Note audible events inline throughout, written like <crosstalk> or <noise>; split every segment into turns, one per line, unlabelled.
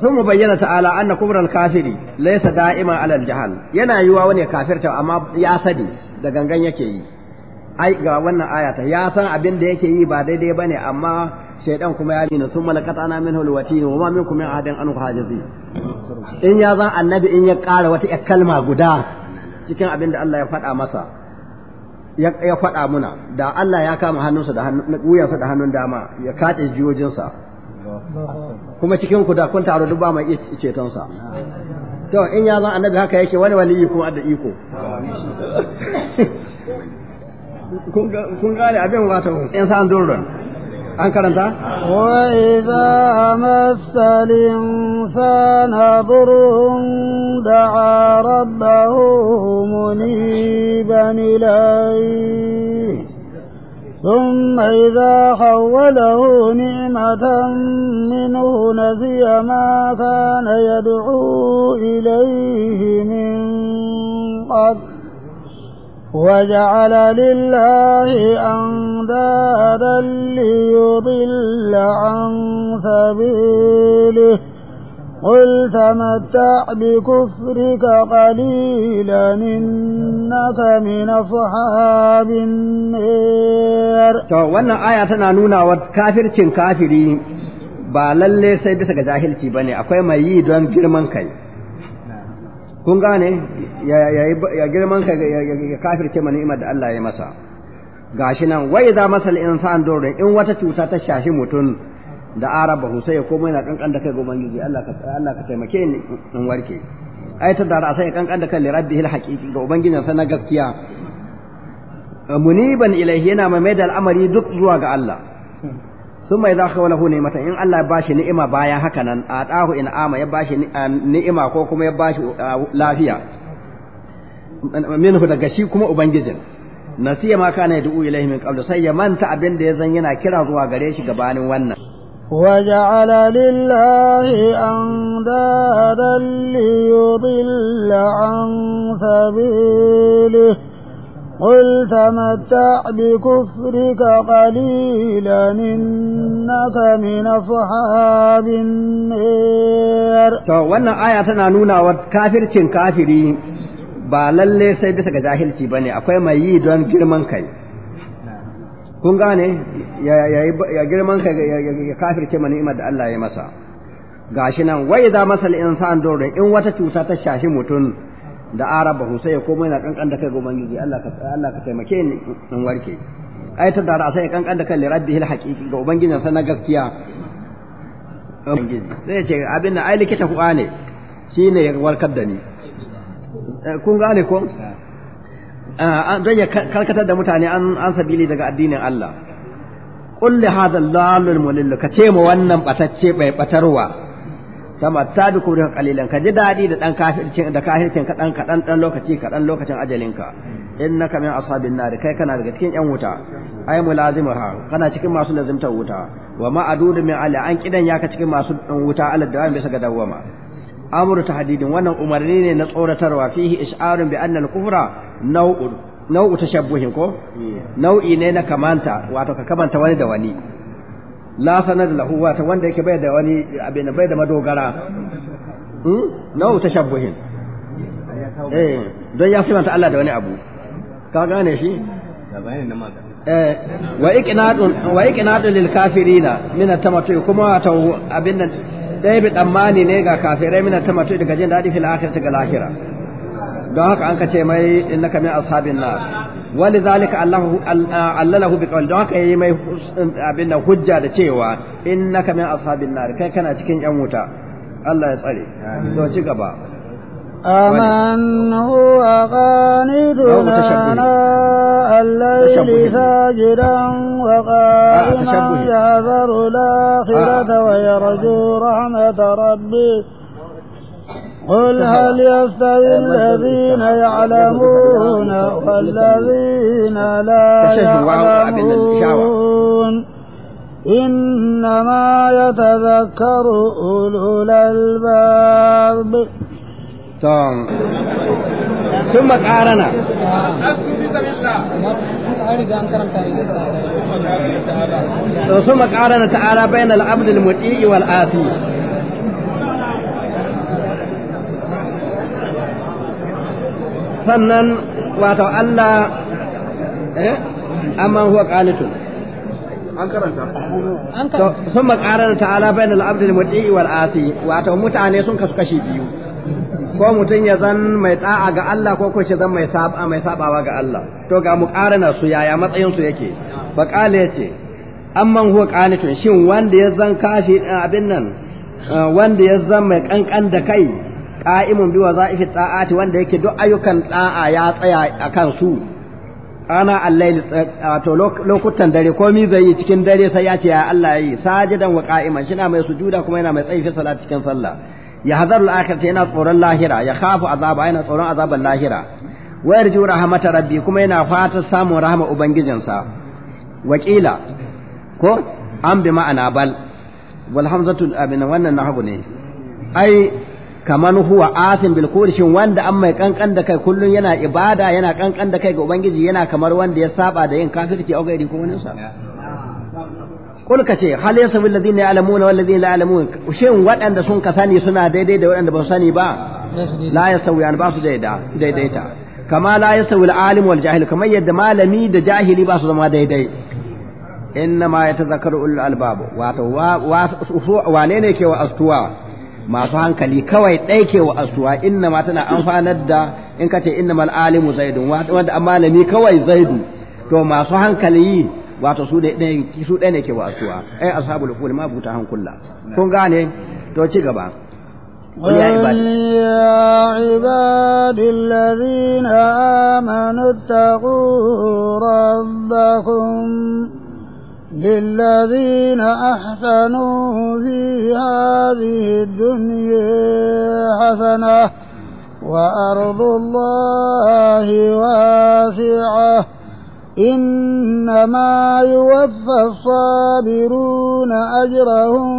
Sun bayyana ta'ala تعالى أن kafiri الكافر ليس دائما على الجهل yana yiwa wani kafirta amma ya sani da gangan yake yi ai ga wannan ayata ya san abin da yake yi ba daidai bane amma shaidan kuma ya nuna sun malaka na min hulwati wa ma minkum min ahadin an hajizi in ya zan annabi in ya ƙara wata ya kalma guda cikin abin da Allah ya faɗa masa ya faɗa muna da Allah ya kama hannunsa da wuyansa da hannun dama ya kaɗe jiyojinsa kuma cikin ku da kun taro duk ba mai iya ceton to in ya zan annabi haka yake wani waliyi kuma da iko <laughs> kun gane abin wato in sa an durrun an karanta wa idza
massal insana a da'a rabbahu muniban ilayhi ثم إذا حوله نعمة منه نسي ما كان يدعو إليه من قبل وجعل لله أندادا ليضل عن سبيله قل تمتع بكفرك قليلا إنك من أصحاب wannan aya tana
nuna wa kafircin kafiri ba lallai sai bisa ga jahilci bane akwai mai yi don girman kai kun gane girman kai kafirce ma ni'imar da Allah ya masa gashi nan wai za masal insan dorin in wata cuta ta shafi mutum da arabahu sai ya komai na kankan da kai ga Ubangiji, Allah ka taimake ni in warke ai ta dara sai kankan da kai lirabbi hil haqiqi ga ubangijin sa na gaskiya muniban ilaihi yana mai mai da al'amari duk zuwa ga Allah sun mai zaka wala hune mata in Allah ya bashi ni'ima bayan haka nan a tahu in ama ya bashi ah, ni'ima ko kuma ya bashi ah, lafiya minhu daga shi kuma ubangijin nasiya ma kana yadu ilaihi min qabl sai ya manta abin da ya zan yana kira zuwa gare shi gabanin wannan
وجعل لله أندادا ليضل عن سبيله قل تمتع بكفرك قليلا إنك من أصحاب النار to wannan aya tana
nuna wa kafircin kafiri ba lallai sai bisa ga jahilci ne. akwai mai yi don girman kai kun gane ya girman ka ya kafirce mani ni'imar da Allah ya masa gashi nan wai za masal insan dole in wata cuta ta shashi mutum da araba sai ya komo na kankan da kai goma gidi Allah ka Allah ka taimake ni in warke ai ta dara sai kankan da kai li rabbihil haqiqi ga ubangijin sa na gaskiya sai ce abin da ai likita ku ne shine ya warkar da ni eh, kun gane ko don ya karkatar da mutane an sabili daga addinin Allah kulli hadha lalul mulil ka ce mu wannan batacce bai batarwa Ta da kuma kalilan ka ji daɗi da dan kafircin da kafircin ka dan kadan dan lokaci kadan lokacin ajalin ka innaka min ashabin nar kai kana daga cikin yan wuta ay ha kana cikin masu lazimtar wuta wa ma'adud min ala an kidan yaka cikin masu dan wuta ala da bisa ga dawama amru tahdidin wannan umarni ne na tsoratarwa fihi isharun bi anna al-kufra nau'un nau'u tashabbuhin ko nau'i ne na kamanta wato ka kamanta wani da wani la sanad lahu wato wanda yake bai da wani abin bai da madogara hmm? nau'u tashabbuhin eh don ya sifanta Allah da wani abu ka gane shi
eh, wa iqnadun
wa lil kafirina min at-tamattu kuma wato abin nan dai bi tsammani ne ga kafirai mina ta matu daga jin daɗi fil akhirati ga lahira don haka an kace mai innaka min ashabin nar ولذلك الله علله don haka يي mai abin hujja da cewa innaka min ashabin nar kai kana cikin yan wuta Allah ya tsare to ci gaba
أمن هو قانت لنا الليل ساجدا وقائما يحذر الآخرة آه. ويرجو رحمة ربي قل هل يستوي الذين يعلمون والذين لا يعلمون إنما يتذكر أولو الألباب to sun makarana
sun makarana ta'ala bayan al'abdul muti'i wal asi sannan
wato Allah eh amma huwa qanitun
an karanta
sun makarana ta'ala bayan al'abdul muti'i wal asi wato mutane sun kasu kashi biyu ko mutum ya zan mai da'a ga Allah ko ko shi zan mai saba sabawa ga Allah to ga mu ƙarana su yaya matsayin su yake fa qala yace amman huwa qanitun shin wanda ya zan kafi abin nan wanda ya zan mai kankan da kai qa'imun bi wazaifi ta'ati wanda yake duk ayyukan ta'a ya tsaya akan su ana allaili to lokutan dare ko mi zai yi cikin dare sai ya ce ya Allah yi sajidan wa qa'iman shi na mai sujuda kuma yana mai tsayi fi salat cikin sallah ya hazarul yana tsoron lahira ya khafu azaba yana tsoron azaban lahira wa yarju rahmata rabbi kuma yana fatan samun rahama ubangijinsa wakila ko an bi ma'ana bal wal hamzatu abin wannan nahwu ne ai kaman huwa asin bil kurshin wanda an mai kankan da kai kullun yana ibada yana kankan da kai ga ubangiji yana kamar wanda ya saba da yin kafirci au gairi ko wani sa kul ka ce hal yasawi alladhina ya'lamuna wal ladina la ya'lamun shin waɗanda sun ka sani suna daidai da waɗanda ba su sani ba la yasawi an ba su daidaita kama la yasawi al alim wal jahil kamar yadda malami da jahili ba su zama daidai inna ma yatazakkaru ul albab wato wa wane ne ke wa astuwa masu hankali kawai ɗai ke wa astuwa inna ma tana amfanar da in ka ce inna mal alimu zaidun wanda malami kawai zaidu to masu hankali wato su da su ɗaya ne ke wasuwa ai ashabul qul ma buta hankula kun gane to ci gaba
يا
عباد الذين آمنوا اتقوا ربكم للذين أحسنوا في هذه الدنيا حسنة وأرض الله واسعة إنما يوفى الصابرون أجرهم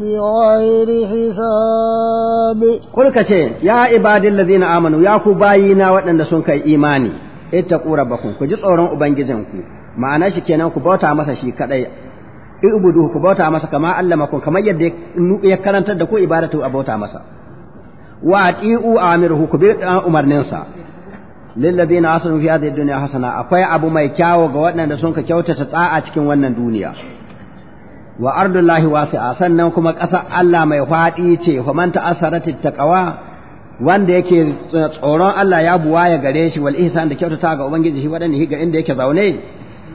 بغير حساب
قل كتير يا عباد waɗanda آمنوا يا كباينا وأن سنك إيماني اتقوا ربكم كجد أوران أبنجزنكم ma'ana shi kenan ku bauta masa shi kadai ibudu ku bauta masa kama allama ku kamar yadda ya karantar da ku ibadatu a bauta masa wa ati'u amiruhu ku bi umarninsa lillazina asanu fi hadhihi dunya hasana akwai abu mai kyawo ga waɗanda sun ka kyautata ta'a cikin wannan duniya wa ardullahi wasi'a sannan kuma ƙasa Allah mai faɗi ce fa man ta taqwa wanda yake tsoron Allah ya buwa ya gare shi wal ihsan da kyautata ga ubangiji shi waɗanda ga inda yake zaune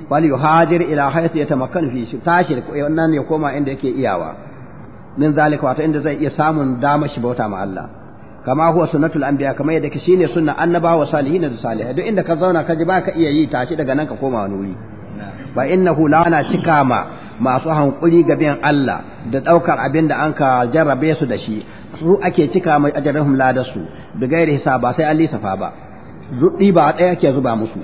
wal yuhajir ila haythu yatamakkan fi shi tashi wannan ya koma inda yake iyawa min zalika wato inda zai iya samun dama shi bauta ma Allah kama huwa sunnatul anbiya kama yadda ke shine sunna annabawa salihin da salihai duk inda ka zauna ka ji baka iya yi tashi daga nan ka koma wani wuri ba innahu la ana cika ma masu hankuri ga bin Allah da daukar abin da an ka jarrabe su da shi su ake cika mai ajarrahum la da su bi gairi hisaba sai an lisafa ba zuɗi ba ɗaya ke zuba musu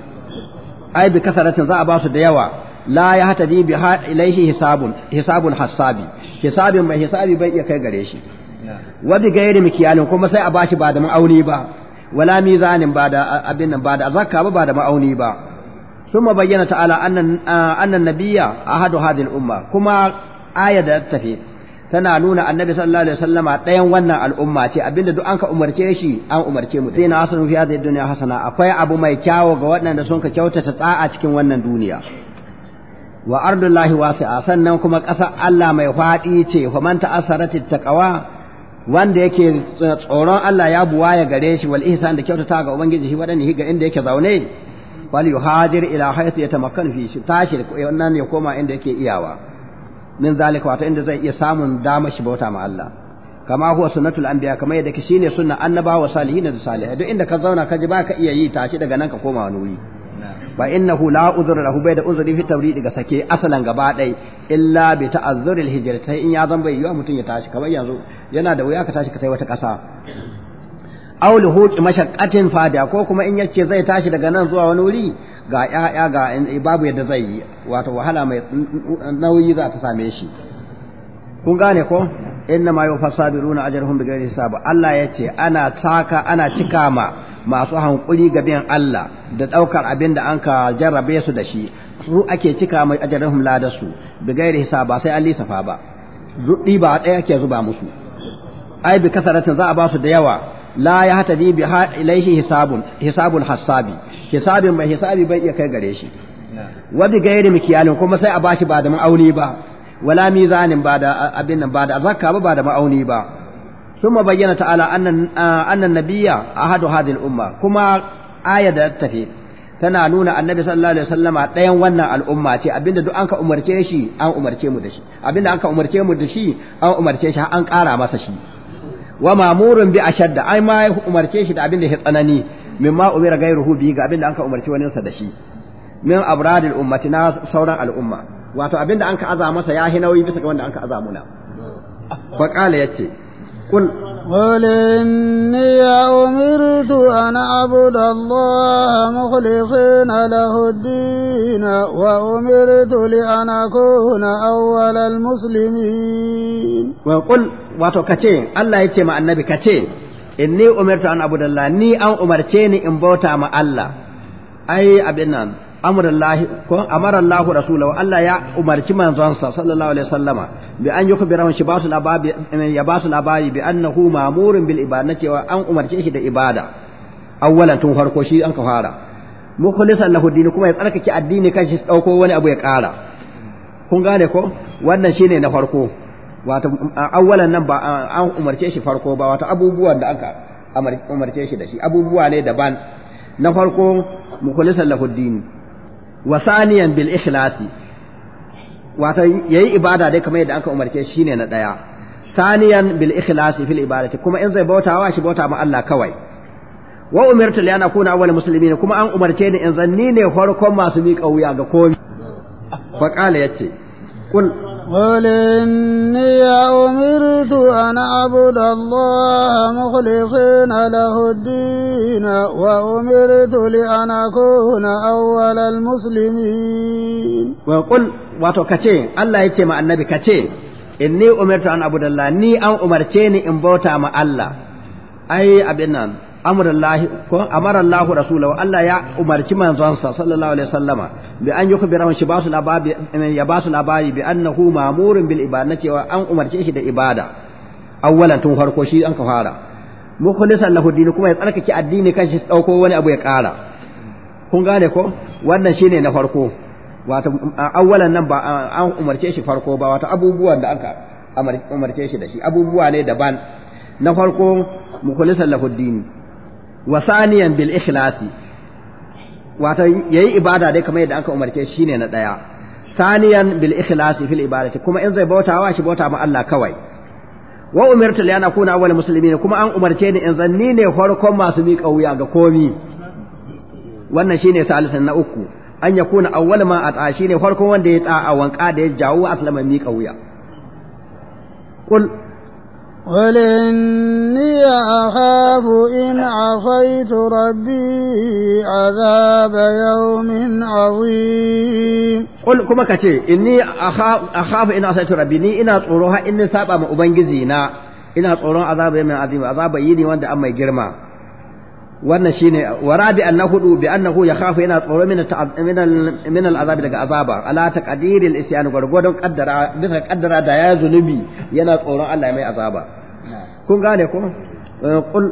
ai bi kasaratin za a ba su da yawa la ya hata bi ilaihi hisabun hisabun hasabi hisabin mai hisabi bai iya kai gare shi wa bi gairi mikiyalin kuma sai a bashi ba da ma'auni ba wala mizanin ba da abin nan ba da zakka ba ba da ma'auni ba ثم بين تعالى أن أن النبي أحد هذه الأمة كما آية تفي tana nuna annabi sallallahu alaihi wasallama ɗayan wannan al'umma ce abinda duk an ka umarce shi an umarce mu sai na hasanu fi hadhihi dunya hasana akwai abu mai kyawo ga waɗanda sun ka kyautata tsa'a cikin wannan duniya wa ardullahi wasi'a sannan kuma ƙasar Allah mai faɗi ce fa man ta'assarat taqwa wanda yake tsoron Allah ya buwaya gare shi wal ihsan da kyautata ga ubangiji shi wadanne ga inda yake zaune wal yuhajir ila hayati yatamakkan fi shi tashi wannan eh, ya koma inda yake iyawa min zalika wato inda zai iya samun dama shi bauta ma Allah kama huwa sunnatul anbiya kama yadda shine sunna annabawa salihin da salihai duk inda ka zauna ka ji baka iya yi tashi daga nan ka koma wani wuri fa innahu la uzra lahu bai da uzuri fi tawridi ga sake asalan gaba dai illa bi ta'azzuril hijrata sai in ya zan bai yiwa mutum ya tashi kamar yanzu yana da wuya ka tashi ka sai wata kasa aw li huqi mashaqqatin fada ko kuma in yace zai tashi daga nan zuwa wani wuri ga ya'ya ga babu yadda zai yi wato wahala mai nauyi za ta same shi kun gane ko inna ma yufassabiruna ajrahum bighairi hisab Allah yace ana taka ana cikama masu hankuri ga bin Allah da ɗaukar abin da an ka jarrabe su da shi su ake cika mai ajarin humla da su bi gairi hisaba ba sai an lisafa ba zuɗi ba ɗaya ake zuba musu ai bi kasaratin za a ba su da yawa la ya hata bi ilaihi hisabun hisabul hasabi hisabin mai hisabi bai iya kai gare shi wa bi gairi mikiyalin kuma sai a bashi ba da ma'auni ba wala mizanin ba da abin nan ba da zakka ba ba da ma'auni ba ثم بين تعالى أن أن النبي أحد هذه الأمة كما آية تفي tana nuna annabi sallallahu alaihi wasallama ɗayan wannan al'umma ce abinda duk anka umarce shi an umarce mu da shi abinda anka umarce mu da shi an umarce shi an ƙara masa shi wa bi ashadda ai ma umarce shi da abinda ya tsanani mimma umira gairuhu bi ga abinda anka umarce wani sa da shi min abradil ummati na sauran al'umma wato abinda anka aza masa ya nauyi bisa ga wanda
قل قل إني أمرت أن أعبد الله مخلصين له الدين وأمرت لأن أكون أول المسلمين
وقل واتوكتي الله يتيما النبي كتي إني أمرت أن أعبد الله ني أن أمرتيني إن بوتا مع الله أي أبنان amrallahi ko amarallahu rasulahu Allah ya umarci manzonsa sallallahu alaihi wasallama bi an yukbira shi basu lababi ya basu labari bi annahu ma'murun bil ibada cewa an umarce shi da ibada awwalan tun farko shi an ka fara mukhlisan lahu dini kuma ya tsarkake addini kan shi dauko wani abu ya kara kun gane ko wannan shine na farko wato awwalan nan ba an umarce shi farko ba wato abubuwan da aka umarce shi da shi abubuwa ne daban na farko mukhlisan lahu dini wa saniyan bil ikhlasi wato yayi ibada dai kamar yadda aka umarce shi ne na daya saniyan bil ikhlasi fil ibadati kuma in zai bautawa shi bauta ma Allah kawai wa umirtu li an akuna awwal muslimin kuma an umarce ni in zanni ne farkon masu miƙa wuya ga komai fa qala yace
kul
قل إني أمرت أن أعبد الله مخلصين له الدين وأمرت لأن أكون أول المسلمين
وقل
واتوكتي الله يتيما النبي كتي إني أمرت أن أعبد الله ني أن أمرتيني إن بوتا مع الله أي أبنان amrullahi ko amara Allah rasulahu Allah ya umarci manzonsa sallallahu alaihi wasallama bi an yukbirahu shi basu labari ya basu labari bi annahu ma'murun bil ibada cewa an umarce shi da ibada awwalan tun farko shi an ka fara mukhlisan lahu dini kuma ya tsarkake addini kan shi dauko wani abu ya kara kun gane ko wannan shine na farko wato awwalan nan ba an umarce shi farko ba wato abubuwan da aka umarce shi da shi abubuwa ne daban na farko mukhlisan lahu dini wa saniyan bil ikhlasi wato yayi ibada dai kamar yadda aka umarce shi na daya saniyan bil ikhlasi fil ibadati kuma in zai bauta wa shi bauta ma Allah kawai wa umirtu li ana kuna awwal muslimin kuma an umarce ni in zanni ne farkon masu miƙa wuya ga komi wannan shine salisan na uku an kuna awwal ma ata shine farkon wanda ya ta'a wanka da ya jawo aslama miƙa wuya
قل إني أخاف إن عصيت ربي عذاب يوم عظيم
قل كما كتي إني أخاف إن عصيت ربي ني إنا تروها إن سابا ما أبنجزينا إنا تروها عذاب يوم عظيم عذاب يني وانت أما يجرما wannan shine wa rabi an nahudu bi annahu yakhafu yana tsoro min min al'azab daga azaba ala taqdir al-isyan gurgudun kaddara bisa kaddara da ya zunubi yana tsoron Allah mai azaba kun gane ko eh, qul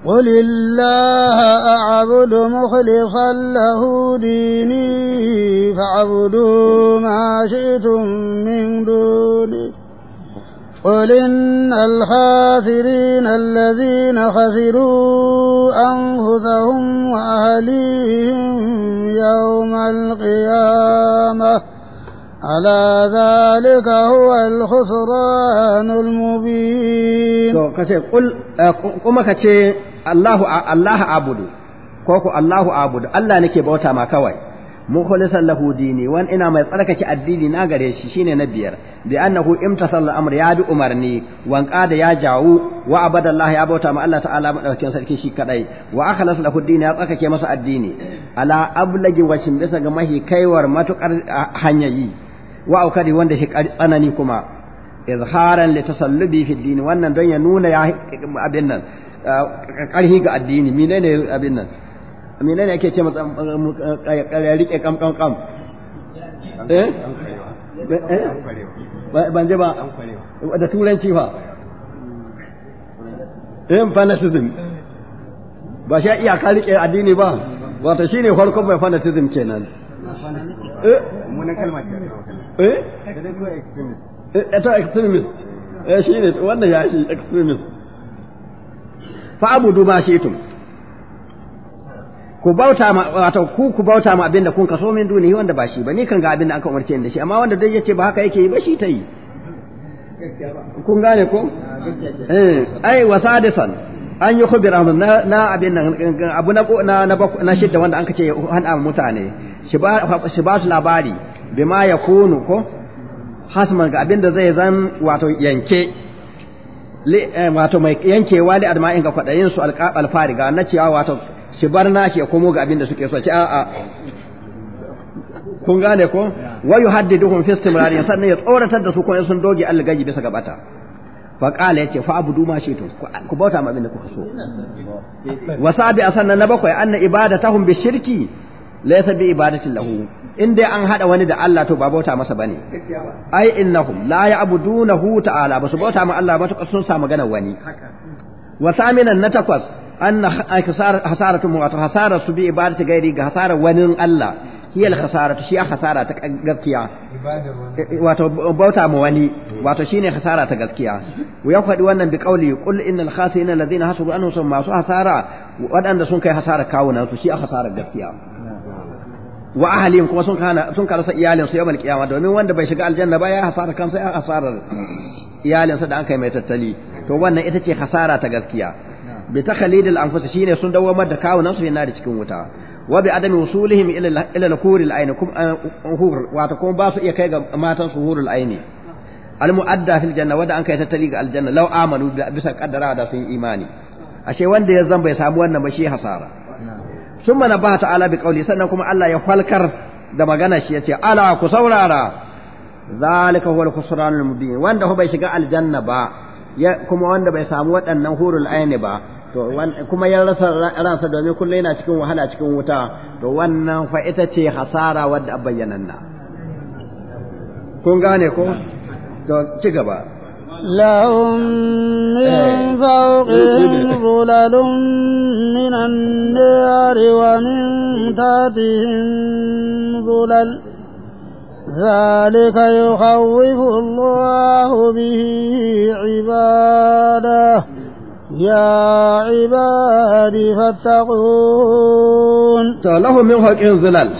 قل الله أعبد مخلصا له ديني فاعبدوا ما شئتم من دونه قل إن الخاسرين الذين خسروا أنفسهم وأهليهم يوم القيامة على ذلك هو الخسران المبين
قل كما كتي الله الله أعبد كوكو الله أعبد الله نكي بوتا ما كوي mukhlisan lahu dini wan ina mai tsarkake addini na gare shi shine na biyar bi annahu imtasal al-amr ya bi umarni wan qada ya jawu wa abadallahi ya bauta ma Allah ta'ala madaukakin sarki shi kadai wa akhlas lahu dini ya tsarkake masa addini ala ablagi wa shin bisa ga mahi kaiwar matukar hanyayi wa aukadi wanda shi tsanani kuma izharan li tasallubi fi dini wannan don ya nuna ya abin nan Ƙarhi ga addini menene abin nan ne ake ce masa ya eh, rike kam kam kam eh,
eh?
ban je ba da turanci fa eh fanatism. ba shi iya ka addini ba shi ne farkon mai fanatism kenan
eh munan kalma ce eh
eh eh, eh wannan ya shi extremist fa abudu ma shi tun ku bauta ma wato ku ku bauta ma abinda kun kaso min duniya wanda ba shi ba ni kan ga abinda aka umarce ni da shi amma wanda dai yace ba haka yake yi ba shi ta yi kun gane ko eh ai wasadisan an yi khubira na na abin nan abu na na na shidda wanda an ce hana mutane shi ba shi ba su labari bima kunu ko hasman ga abinda zai zan wato yanke eh, wato mai yankewa da adma'in ga kwadayin su alqab alfariga na cewa wato shi bar nashi ya komo ga abin da suke so ce a'a
kun gane ko haddi duhun fi istimrari sannan
ya tsoratar da su ko sun doge Allah gaji bisa gabata fa qala yace fa abudu ma shaytu ku bauta ma abin da kuka so wa sabi asanna na bakwai anna ibadatuhum bi shirki laysa bi ibadatin lahu in dai an hada wani da Allah to ba bauta masa bane ai innahum la ya'budunahu ta'ala basu bauta ma Allah ba sun sa magana wani wa saminan na takwas anna hasaratu wato hasara su bi ibadatu gairi ga hasara wani Allah hiya al hasaratu shi hasara ta gaskiya wato bauta mu wani wato shine hasara ta gaskiya ya faɗi wannan bi qauli qul innal khasirina alladhina hasabu anhum sun masu hasara waɗanda sun kai hasara kawunan su shi hasara gaskiya wa ahalin kuma sun kana sun karasa iyalin su yamal kiyama domin wanda bai shiga aljanna ba ya hasara kansa ya hasarar iyalinsa da an kai mai tattali to wannan ita ce hasara ta gaskiya bi takhalidil anfus shine sun dawamar da kawunan su yana da cikin wuta wa bi adami wusulihim ila ila ayni kum eh, hur kuma ba su iya kai ga matan su hurul ayni al mu'adda fil janna wanda an kai tattali ga aljanna law amanu bisa kaddara da sun imani ashe wanda ya zan bai samu wannan ba shi hasara mana bata ta'ala bi qawli sannan kuma Allah ya falkar da magana shi yace ala ku saurara zalika huwal al mubin wanda bai shiga aljanna ba kuma wanda bai samu waɗannan hurul aini ba to kuma ya rasa ransa domin kullum yana cikin wahala cikin wuta to wannan fa ita ce hasara wadda bayyanan na kun gane ko to ci gaba
لهم من فوقهم ظلل من النار ومن تحتهم ظلل ذلك يخوف الله به عباده يا عبادي فاتقون
له min فوق الظلال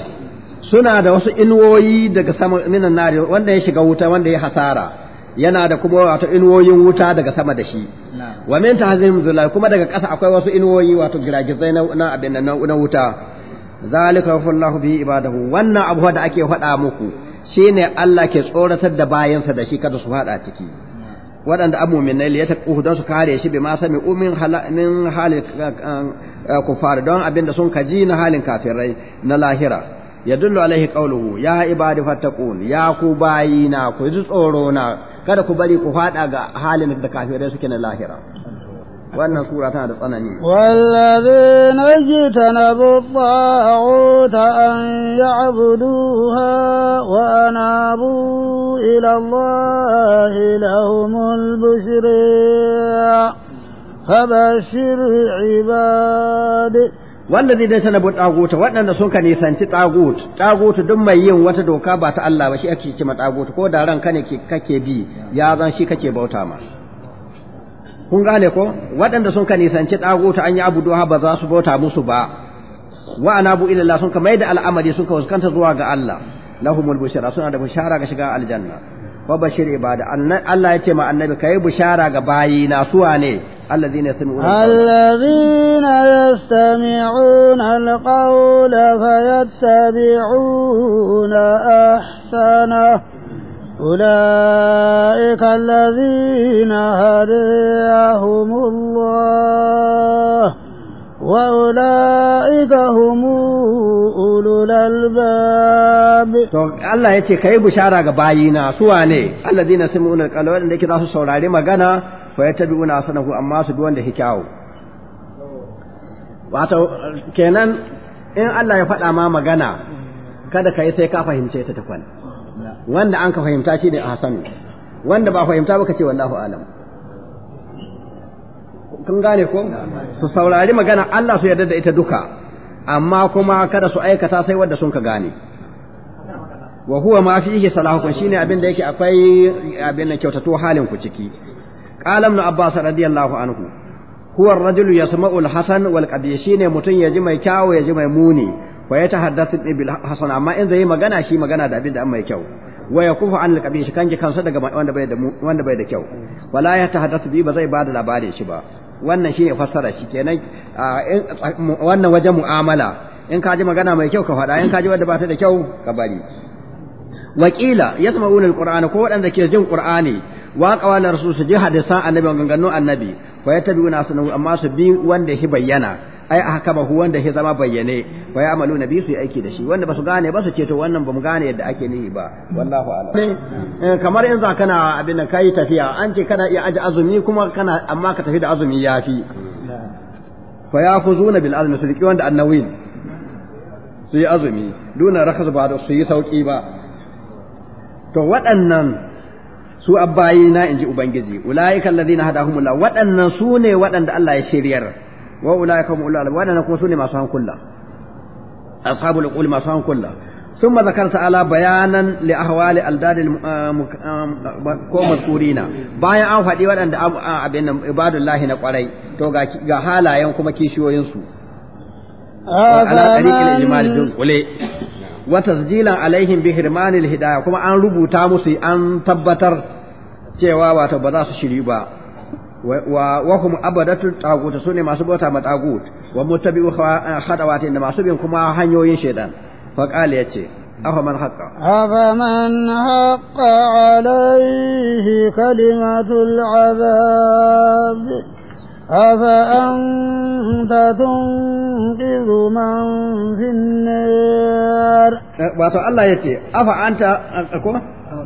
suna da wasu inuwoyi daga sama minan nari wanda ya shiga wuta wanda ya hasara yana da kuma wato inuwoyin wuta daga sama da shi wa min tahzim zulal kuma daga ƙasa akwai wasu inuwoyi wato giragizai na abin nan na wuta zalika yafallahu bi ibadahu wannan abu da ake faɗa muku shine Allah ke tsoratar da bayansa da shi kada su faɗa ciki waɗanda amuminai ya taɓa don su kare shi ma sami umin halin eh, eh, kufari don abinda sun kaji na halin kafirai na lahira ya dullu alaihi qawluhu ya ibadi fattaqun ya ku bayina ku ji tsoro na kada ku bari ku faɗa ga halin da kafirai suke na lahira wannan sura tana da tsanani
wallazina yajtanabu ta an ya'buduha wa anabu ila Allah lahumul bushra fabashir ibad
wallazina sanabu ta'uta waɗanda sun ka nisanci tagut tagut duk mai yin wata doka ba ta Allah ba shi ake ce ma tagut ko da ranka ne kake bi ya zan shi kake bauta ma kun gane ko waɗanda sun ka nisanci ɗaguta an yi abu doha ba za su bauta musu ba wa ana bu ilallah sun ka mai da al'amari sun ka fuskanta zuwa ga Allah lahumul bushara suna da bushara ga shiga aljanna wa bashir ibada Allah ya ce ma annabi kai bushara ga bayi na suwa ne الذين يستمعون
الذين yastami'una alqawla fayattabi'una ahsana أولئك الذين هديهم الله وأولئك هم أولو الألباب الله يتي كي بشارة باينا
سواني الذين سمعون القلوة اللي كده سوراري مغانا فيتبعون أحسنه أما سدوان لحكاو كاو wato kenan in Allah ya faɗa ma magana kada ka yi sai ka fahimce ta tukwan wanda an ka fahimta shi ne ahsanu wanda ba fahimta ba ka ce wallahu alam kun gane ko su saurari magana Allah su yarda da ita duka amma kuma kada su aikata sai wanda sun ka gane wa huwa ma fihi salahukum shine abin da yake akwai abin da kyautato halin ku ciki qalam nu abbas radiyallahu anhu huwa ar rajul yasma'u al-hasan wal qadhi shine mutun yaji mai kyau yaji mai muni wa ya tahaddathu bil hasan amma in zai magana shi magana da abin da mai kyau wa kufa an alqabi shi kange kansa daga wanda bai da wanda bai da kyau wala ya tahaddathu bi ba zai bada labarin shi ba wannan shine fassara shi kenan wannan wajen mu'amala in ka ji magana mai kyau ka faɗa in ka ji wadda ba ta da kyau ka bari wakila yasma'una alqur'ana ko waɗanda ke jin qur'ani wa qawala rasul su ji hadisan annabi gangannu annabi fa na asnahu amma su bi wanda ya bayyana ai a haka hu wanda ya zama bayyane wa ya amalu nabi su yi aiki da shi wanda ba su gane ba su ce to wannan ba mu gane yadda ake nihi ba wallahu a'lam eh, eh, kamar yanzu kana abin da kai tafiya an ce kana iya aji azumi kuma kana amma ka tafi da azumi yafi fa yakhuzuna bil azmi su wanda annawin su yi azumi duna rakhas ba da su yi sauki ba to waɗannan su abbayina inji ubangiji ulaika alladhina hadahumullah waɗannan su ne waɗanda Allah ya shiryar wa ulaika hum ulul albab kuma sune masu hankula ashabul uqul masu hankula ثم ذكر تعالى بيانا لاحوال الداد المذكورين bayan an haɗi waɗanda eh, abin na kwarai to ga halayen kuma kishiyoyinsu. su ala tariqil ijmal bil qule wa tasjilan bi hirmanil hidayah kuma an rubuta musu an tabbatar cewa wato ba za su shiri ba وهم أبدا تاغوت سوني ماسوبو تاما تاغوت ومتبعو خطوات إنما سوبين كما هنيو ينشيدان فقال يتي أفمن من حق
أفمن حق عليه كلمة العذاب أفأنت تنقذ من في النار
واتو الله يتي
أفأنت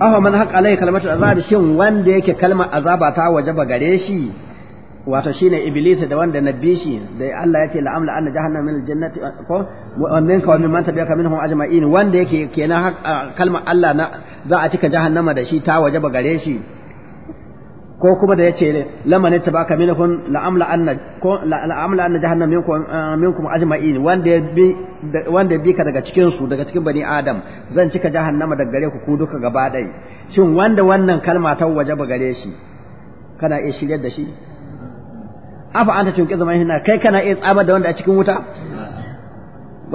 aho
man haƙa alai kalmatu azab shin wanda yake kalmar azaba ta wajaba gare shi wato shine iblis da wanda nabi shi da Allah ya ce la amla anna jahannama min aljannati ko min ka min man tabi'aka minhum ajma'in wanda yake kenan kalmar Allah na za a cika jahannama da shi ta wajaba gare shi ko kuma da yace lamanin tabaka minkum amla anna ko amla anna jahannam minkum uh, minkum ajma'in wanda bi wanda bi ka daga cikin su daga cikin bani adam zan cika jahannama daga gare ku ku duka gaba dai shin wanda wannan kalma ta waje ba gare shi kana iya shiryar da shi afa anta tunqi zaman hina kai kana iya tsama da wanda a cikin wuta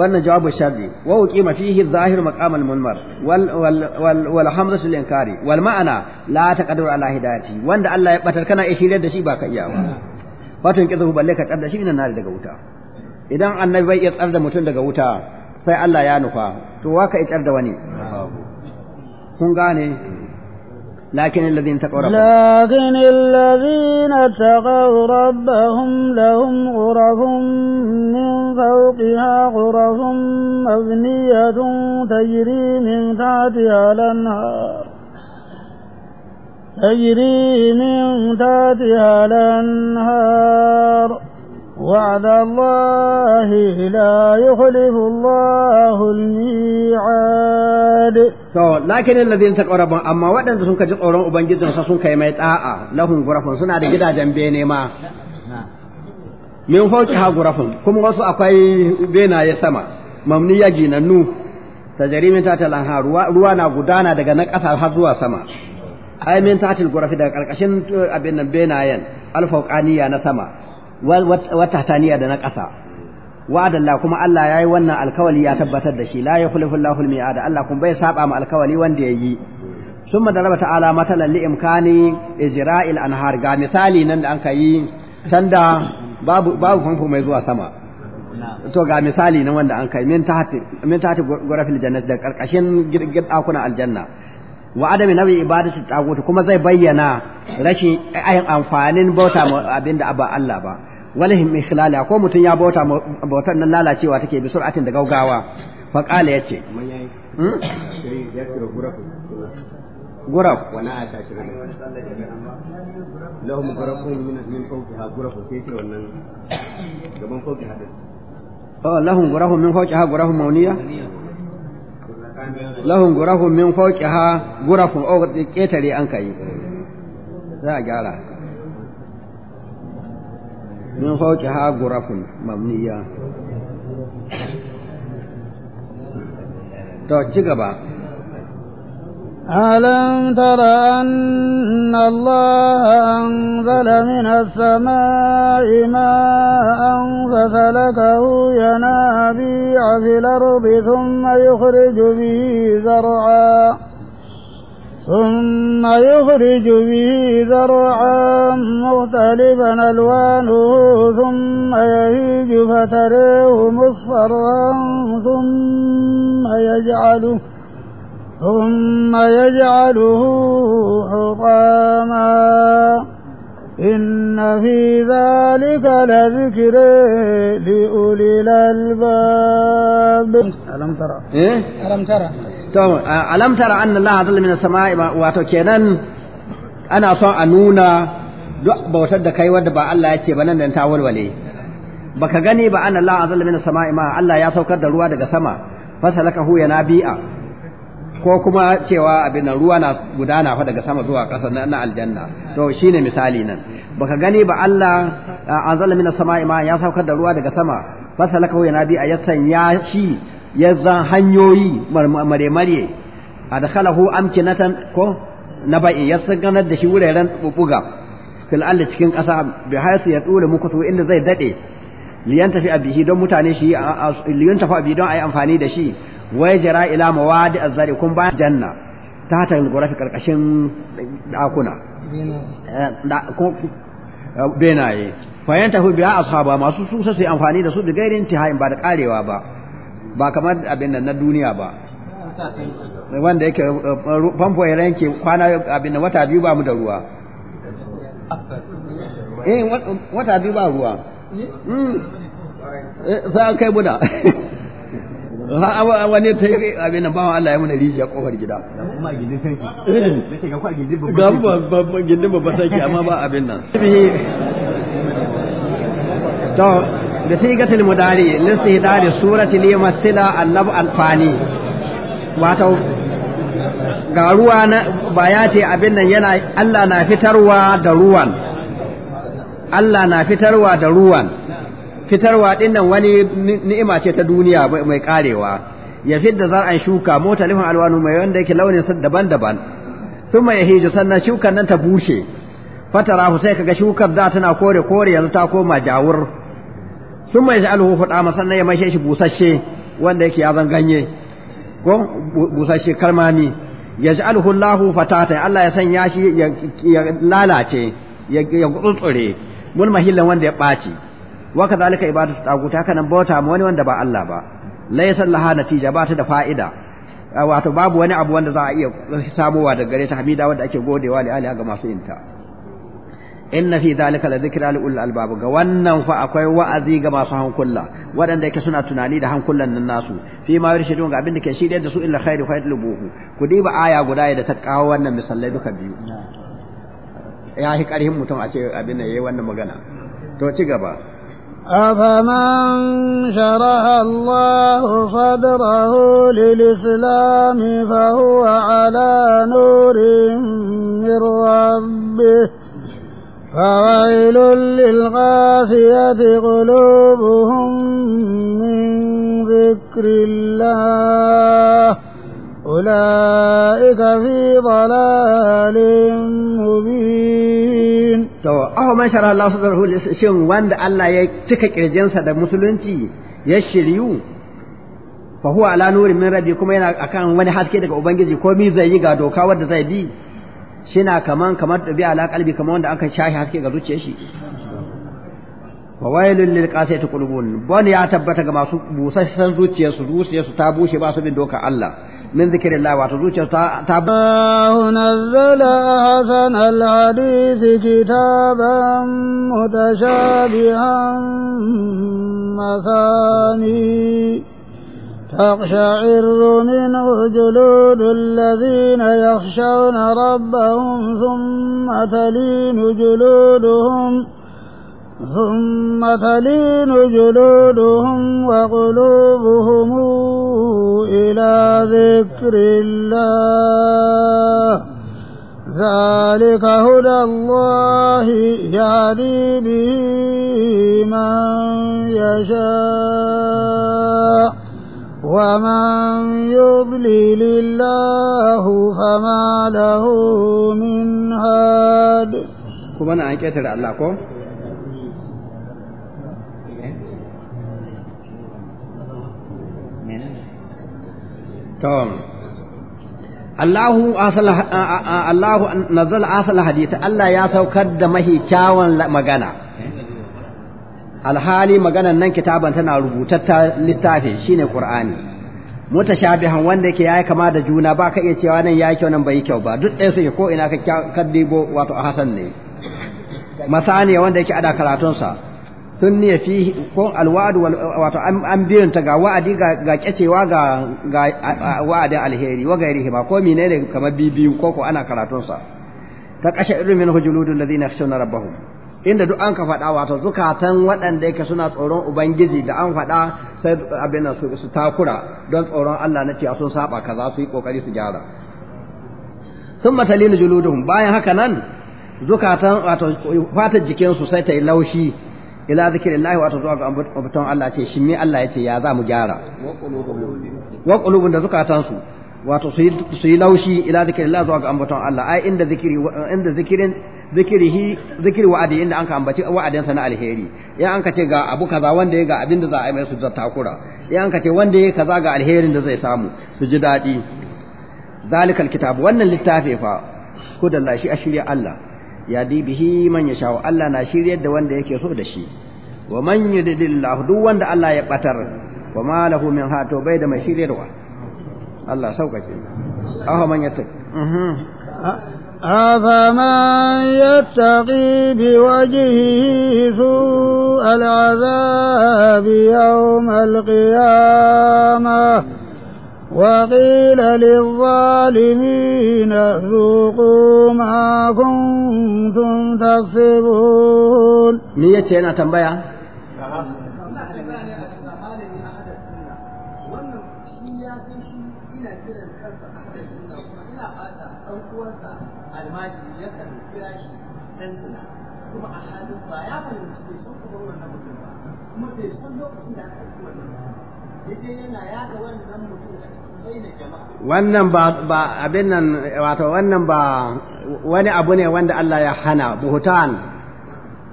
wannan jawabu sharri wa uqima fihi adh-dhahir maqam al-munmar wal wal wal lil-inkari wal ma'ana la taqdiru ala hidayati wanda Allah ya batar kana ishirar da shi ba ka iya ba wato kizu balle ka tsar da shi ina nari daga wuta idan annabi bai iya tsar da mutum daga wuta sai Allah ya nufa to ka iya tsar da wani kun gane لكن الذين اتقوا ربهم
لكن الذين اتقوا ربهم لهم غرف من فوقها غرف مبنية تجري من تحتها الأنهار تجري من تحتها الأنهار وعد الله لا يخلف الله الميعاد
to lakin alladhina taqarrabu amma waɗanda sun kaji tsoron ubangijin sa sun kai mai ta'a lahum gurafun suna da gidajen bene ma min fauki ha gurafun kuma wasu akwai benaye sama ya ginannu tajarimin ta talanha ruwa na gudana daga na ƙasa har zuwa sama ai min tatil gurafi daga ƙarƙashin eh, abin nan benayen alfauqaniya na sama wata taniya da na ƙasa wa'adallah kuma Allah yayi wannan alkawali ya tabbatar da shi la yukhlifu Allahu miad Allah kuma bai saba ma alkawali wanda yayi summa raba ta'ala matalan li imkani izra'il anhar ga misali nan da an kai can da babu babu famfo mai zuwa sama to ga misali nan wanda an kai min tahti min tahti ghurafil jannati da karkashin gidakuna aljanna wa adami nabi ibadatu tagut kuma zai bayyana rashin ayin amfanin bauta mu abinda abba Allah ba walahim ikhlala ko mutun ya bauta bautar nan lalacewa take bi sur'atin da gaugawa fa qala yace
غرف وانا اتاشر لهم غرف من من فوقها غرف سيتي wannan gaban fauki hadin
oh lahum ghurafun min fawqiha ghurafun mawniya lahun gurafun min fauki ha gurafun aw ketare an kai za a gyara
min fauki ha
gurafun mamniya
to ci gaba
ألم تر أن الله أنزل من السماء ماء فسلكه ينابيع في الأرض ثم يخرج به زرعا ثم يخرج به زرعا مختلفا ألوانه ثم يهيج فتريه مصفرا ثم يجعله ثم يجعله حطاما إن في ذلك لذكر لأولي الألباب ألم ترى إيه؟ ألم ترى
ألم ترى أن الله ظل من السماء واتوكينا أنا صنع نونا duk bautar da kai wadda ba Allah ya ce ba nan da ta walwale baka gani ba an Allah min sama'i ma Allah ya saukar da ruwa daga sama fasalakahu bi'a ko kuma cewa abin nan ruwa na gudana fa daga sama zuwa ƙasa na aljanna to shine misali nan baka gani ba Allah anzala minas sama'i ma ya saukar da ruwa daga sama fasalaka ya nabi yasan ya shi ya zan hanyoyi mare mare adkhalahu amkinatan ko naba'in ya sanar da shi wuraren bubuga fil alli cikin ƙasa bi hayasu ya dole muku su inda zai dade liyan tafi abihi don mutane shi liyanta fi abihi don ayi amfani da shi wai jara ila mawadi azzari kun ba janna ta ta gurafi karkashin dakuna benaye eh, eh, fayanta hu biya ashaba masu su sai amfani da su da gairin tihayin ba da karewa ba ba kamar abin nan na duniya ba wanda yake eh, famfo ya ranke kwana abin nan wata biyu ba mu da ruwa eh wata biyu ba ruwa
hmm. sai kai buda <laughs>
wani ta yi abin nan bawan Allah ya muna rijiya kofar gida kuma babban amma ba abin nan to da ga ruwa na ba ya ce abin nan yana Allah na fitarwa da ruwan Allah na fitarwa da ruwan fitarwa dinnan wani ni'ima ce ta duniya mai ƙarewa, ya fidda zar'an shuka mota lifin alwanu mai wanda yake launin sa daban-daban sun mai hiju sannan shukan nan ta bushe fatara sai kaga shukar da tana kore kore yanzu ta koma jawur sun mai ja'alhu ma sannan ya mashe shi busasshe wanda yake yazan ganye ko busasshe kalmani ya ja'alhu Allahu fatata Allah ya sanya shi ya lalace ya gutsutsure mulmahillan wanda ya ɓaci wa kadhalika ibadatu tagut ta nan bauta ma wani wanda ba Allah ba laysa laha natija ba da fa'ida ah, wato babu wani abu wanda za a iya samowa daga gare ta hamida wanda ake godewa da aliha ga masu yinta inna fi zalika la dhikra li ul albab ga wannan fa akwai wa'azi ga masu hankula waɗanda yake suna tunani da hankulan nan nasu fi ma don ga abin da ke shi da su illa khairu fa yatlubuhu ku diba aya guda da ta kawo wannan misalai duka biyu ya hi karhin mutum a ce abin da yayi wannan magana
to ci gaba
أفمن شرح الله صدره للإسلام فهو على نور من ربه فويل للغافية قلوبهم من ذكر الله أولئك في ضلال مبين
to aho man shara Allah subhanahu wa shin wanda Allah ya cika kirjinsa da musulunci ya shiryu fa huwa ala nurin min rabbi kuma yana akan wani haske daga ubangiji ko mi zai yi ga doka wanda zai bi shina kaman kamar da bi ala kalbi kaman wanda aka shahi haske ga zuciyar shi wa wailul lil qasiyati qulubun bon ya tabbata ga masu busassan zuciyarsu zuciyarsu ta bushe ba doka Allah من ذكر الله وتزوج
تاب الله نزل أحسن الحديث كتابا متشابها مثاني تقشعر منه جلود الذين يخشون ربهم ثم تلين جلودهم ثم تلين جلودهم وقلوبهم إلى ذكر الله ذلك هدى الله يهدي به من يشاء ومن يضلل الله فما له من هاد كما أنكتر
الله Allahu Allahu nazal asal hadith Allah ya saukar da mahi kyawun magana alhali maganan nan kitaban tana rubutatta littafin shine Qur'ani mutashabihan wanda yake yayi kama da juna ba ka iya cewa nan yayi kyau nan bai kyau ba duk ɗaya suke ko ina ka kaddibo wato a hasan ne masani wanda yake ada karatun sa ya fi ko alwadu wato an biyan ta ga wa'adi ga kyacewa ga wa'adin alheri wa gairi hima ko menene kamar bibiyu ko ko ana karatun sa ta kashe irin min hujuludul ladina khashuna rabbahum inda duk an ka faɗa wato zukatan waɗanda yake suna tsoron ubangiji da an faɗa sai abin nan su takura don tsoron Allah na a sun saba kaza su yi kokari su gyara sun matalin juluduhum bayan haka nan zukatan wato fatar jikinsu sai ta yi laushi ila zikrillahi wa zuwa ga ambaton Allah ce shin me Allah yace ya za mu gyara wa qulubun da zukatan su wato su yi laushi ila zikrillahi zuwa ga ambaton Allah ai inda zikiri inda zikirin zikirihi zikiri wa'adi inda anka ambaci wa'adin sa na alheri ya anka ce ga abu kaza wanda ya ga abin da za a yi mai su takura ya anka ce wanda ya kaza ga alherin da zai samu su ji daɗi zalikal kitab wannan littafi fa ko da shi a shirya Allah yadi bihi man shawo. Allah na shiryar da wanda yake so da shi wa man yudlillahu duk wanda Allah ya batar wa ma lahu min hato bai da mai shiryarwa Allah saukace aho man yatta
mhm أفمن يتقي بوجهه سوء العذاب يوم القيامة وقيل للظالمين ذوقوا ما كنتم تكسبون نيتي
أنا تنبيه
wannan ba ba
abin nan wato wannan ba wani abu ne wanda Allah ya hana buhutan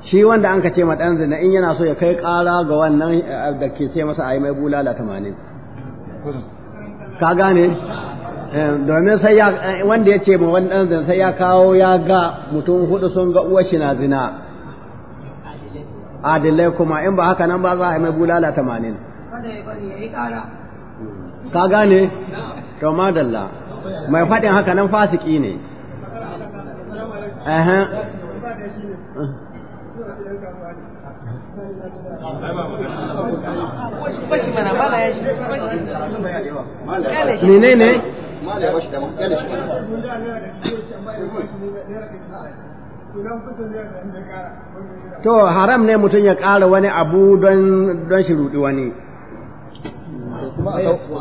shi wanda an ka ce dan zina in yana so ya kai ƙara ga wannan eh, da ke ce masa a yi mai bulala tamanin
ka gane eh, domin sai ya eh, wanda ya ce
ma wani ɗan zina sai ya kawo ya ga mutum hudu sun ga uwa shi na zina adilai kuma in ba haka nan ba za a yi mai bulala tamanin ka gane to madalla mai faɗin haka nan fasiki ne
Mene ne? To haram ne mutum
ya ƙara wani abu don shi rudi wani.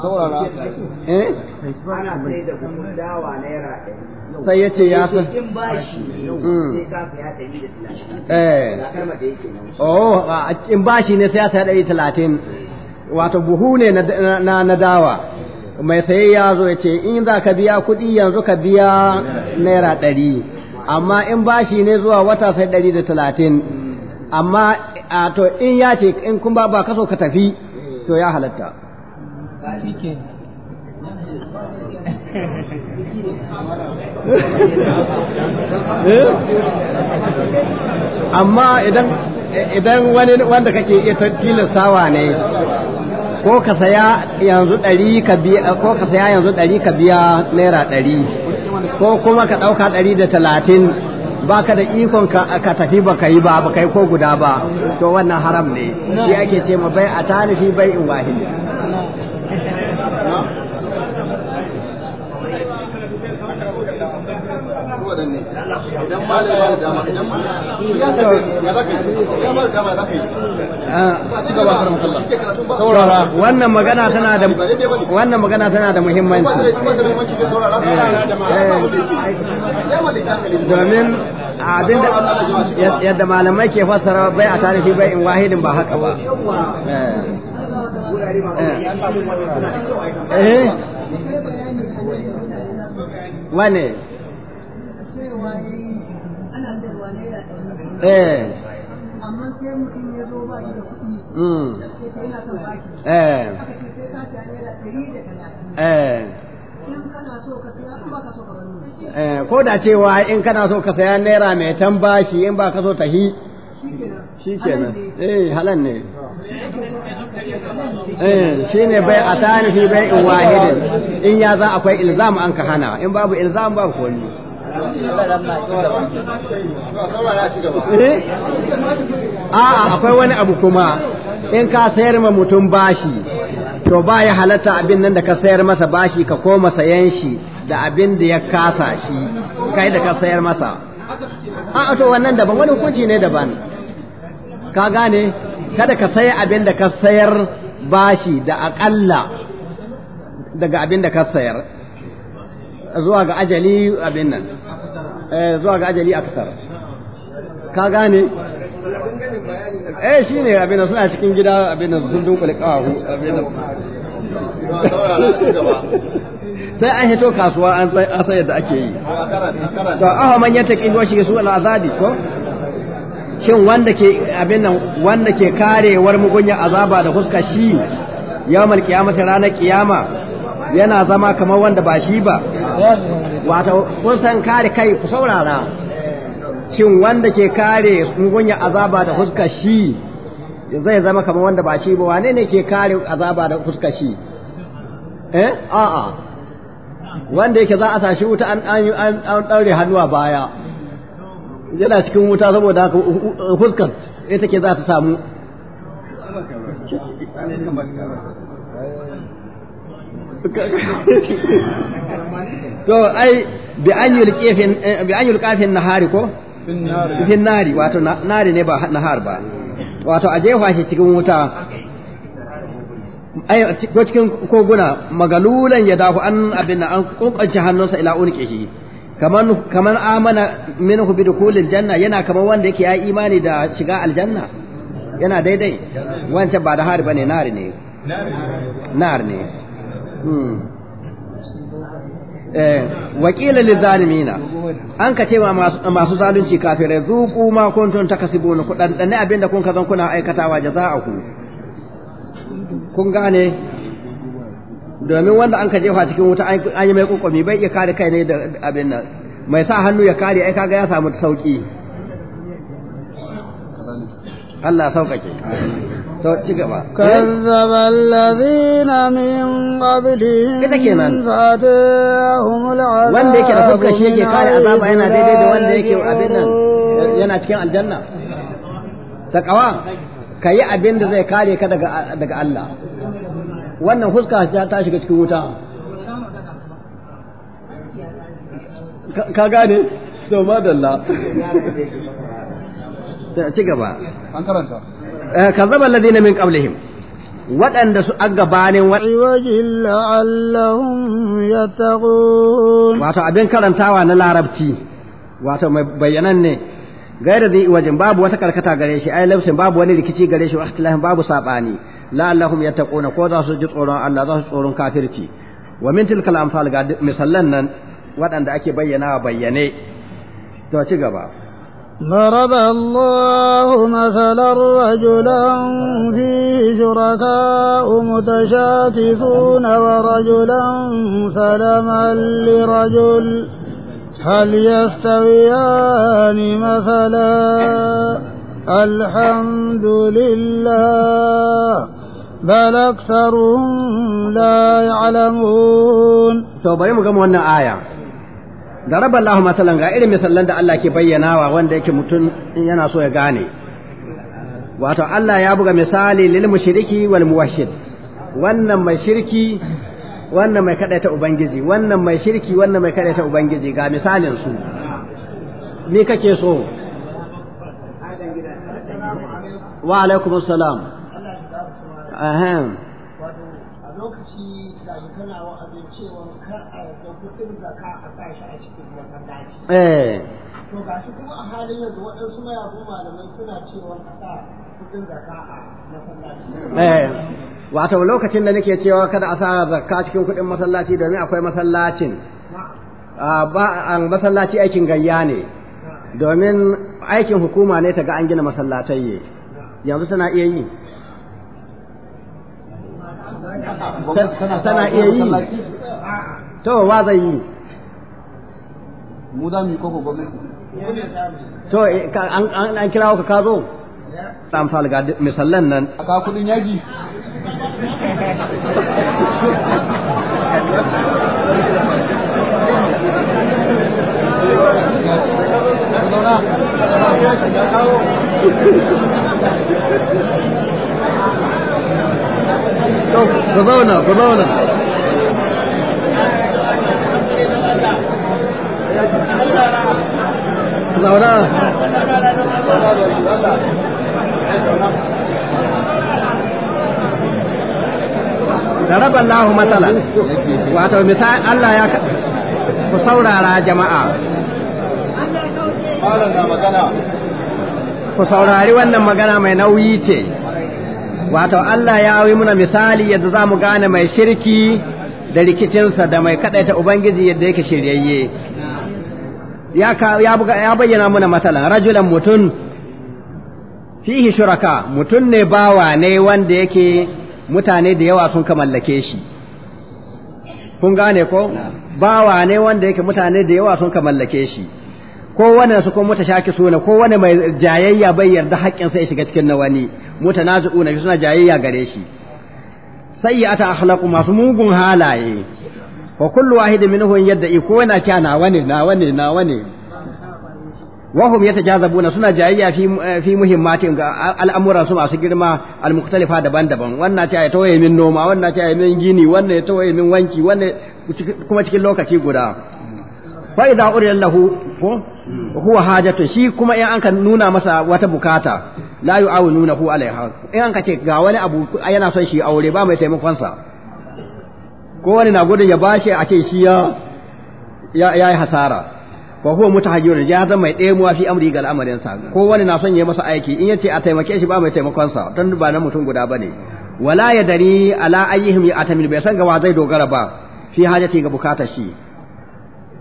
saurara eh ana sai da kuma dawa naira sai ya ce ya san in ba shi ne mm. sai ka ya ɗari da talatin eh kalma da yake nan
oh in ba shi ne sai ya saya da talatin wato buhu ne na na dawa mai saye ya zo ya ce in za ka biya kuɗi yanzu ka biya naira ɗari amma in bashi ne zuwa wata sai ɗari da talatin amma to in ya ce in kun ba ba kaso ka tafi to ya halatta
amma idan
idan wani wanda kake ita tilastawa ne ko ka saya yanzu ɗari ka biya ko ka saya yanzu ɗari ka biya naira ɗari ko kuma ka ɗauka ɗari da talatin ba ka da ikon ka tafi ba yi ba ba kai ko guda ba to wannan haram ne shi ake ce ma bai a tanifi bai in wahili
saurara wannan magana tana da wannan magana tana da muhimmanci eh, domin abin da yadda
malamai ke fassara bai a tarihi bai in wahidin ba haka ba eh. Eh. eh
wane eh. Hmm. Eh. cewa in kana
so ka saya naira mai tambashi in ba ka so ta hi shi eh halan ne
Eh, shi ne bai a tani fi bai in wahidin in ya za akwai ilzam an ka
hana in babu ilzam babu komi
eh? a'a akwai wani abu kuma in ka sayar
ma mutum bashi to ba ya halatta abin nan da ka sayar masa bashi ka koma sayan shi da abin da ya kasa shi
kai da ka sayar masa a'a to
wannan daban wani hukunci ne daban ka gane kada ka sayi abin da ka sayar bashi da aƙalla daga abin da ka sayar zuwa ga ajali abin nan
eh, zuwa ga ajali a akasar ka gane eh shi ne abin nan suna cikin gida abin nan sun dunkule kawo abin nan <laughs>
sai an hito kasuwa an sayar da ake yi to ahaman ya taƙi shi su al'azadi ko shin wanda ke abin nan wanda ke karewar mugunya azaba da fuska shi yawmal qiyamati ranar kiyama yana zama kamar wanda ba shi ba wato kun san kare kai ku saurara shin wanda ke kare mugunya azaba da fuska shi zai zama kamar wanda ba shi ba wane ne ke kare azaba da fuska shi eh a'a wanda yake za a sashi wuta an an daure hannuwa baya yana cikin wuta saboda haka fuskar Ya take za ta samu
<laughs> to
ai bi an yulqi eh, bi an kafin nahari ko Fin nari wato nari ne ba nahar ba wato a jefa shi cikin wuta ai ko cikin koguna magalulan ya dafu an abin an kokace hannunsa ila shi kaman kaman amana minhu bi dukulil janna yana kaman wanda yake ya imani da shiga aljanna yana daidai wancan ba da hari bane nari ne
nari ne hmm. eh wakila lizalimina
an ka ce masu zalunci kafirai zuku ma kuntum takasibuna ku dan abinda kun kazan kuna aikatawa jaza'aku kun gane domin wanda an ka jefa cikin wuta an yi mai kokomi bai iya kare kai ne da abin nan mai sa hannu ya kare ai kaga ya samu sauki Allah
sauƙaƙe to ci gaba
kazzaba alladhina min qablihim ita kenan wanda
yake da fuskar shi yake kare azaba
yana daidai da wanda yake abin nan yana cikin aljanna taqwa kayi abin da zai kare ka daga daga Allah
wannan fuska ta shiga cikin wuta ka gane to madalla ci gaba an karanta eh, kazzaba alladhina
min qablihim waɗanda su a gabanin wato abin karantawa na larabci wato mai bayanan ne gaira zai wajen babu wata karkata gare shi ai lafsin babu wani rikici gare shi wa babu saɓani la'allahum yattaquna ko za su ji tsoron Allah za su tsoron kafirci wa min tilka al-amsal ga misallan nan waɗanda ake bayyana bayyane
to ci gaba
ضرب الله مثلا رجلا فيه شركاء متشاكسون ورجلا سلما لرجل هل يستويان مثلا الحمد لله بل أكثرهم لا يعلمون
توبة يمكن أن آية ضرب الله مثلا غير مثلا da الله ke bayyanawa wanda yake mutum yana so ya gane wato Allah ya buga misali lil mushriki wal wannan mai kada ta ubangiji wannan mai shirki wannan mai kada ta ubangiji ga misalin su
ni kake so wa alaikum assalam a
wato lokacin da nake cewa kada a sa zakka cikin kuɗin masallaci domin akwai masallacin ah, ba masallaci aikin gayya ne domin aikin hukuma ne ta ga an gina masallatai yanzu tana iya yi tana iya yi to wa zai yi
mu mu
koko gwamnati to eh, an kirawo
ka kazo zo san misallan nan aka kudin yaji
Thank <laughs> you. ku zauna ku zauna wato
Allah ya ku saurara jama'a
Allah ya magana
ku saurari wannan magana mai nauyi ce wato Allah ya yi muna misali yadda za mu gane mai shirki da rikicinsa da mai kaɗaita ubangiji yadda yake shiryayye ya bayyana muna matsalan rajulan mutum fihi shuraka mutum ne bawa ne wanda yake mutane da yawa sun kamallake shi kun gane ko bawa ne wanda yake mutane da yawa sun kamallake shi Ko wani su ko mota shaki suna ko wani mai jayayya bai yarda haƙƙin sai shiga cikin na wani na shi suna jayayya gare shi sai ya ta akhlaqu masu mugun halaye wa kullu wahidin minhum yadda iko yana kya na wani na wani na wani wa hum yatajazabuna suna jayayya fi fi muhimmatin ga al'amuran su masu girma al-mukhtalifa daban-daban wannan ta ya tawaye min noma wannan ta ya min gini wannan ya tawaye min wanki wannan kuma cikin lokaci guda fa idza uriya lahu ko huwa hajatu shi kuma in an ka nuna masa wata bukata la yu'awinunahu alaiha in an ka ce ga wani abu yana son shi aure ba mai taimakon sa ko wani na gudun ya bashi a ce shi ya ya yi hasara fa huwa mutahajjirun ya zama mai ɗemuwa fi amri ga al'amarin sa ko wani na son ya masa aiki in yace a taimake shi ba mai taimakon sa dan ba na mutum guda bane wala ya dari ala ayyihim ya atamil bai san ga wa zai dogara ba fi hajati ga bukatar shi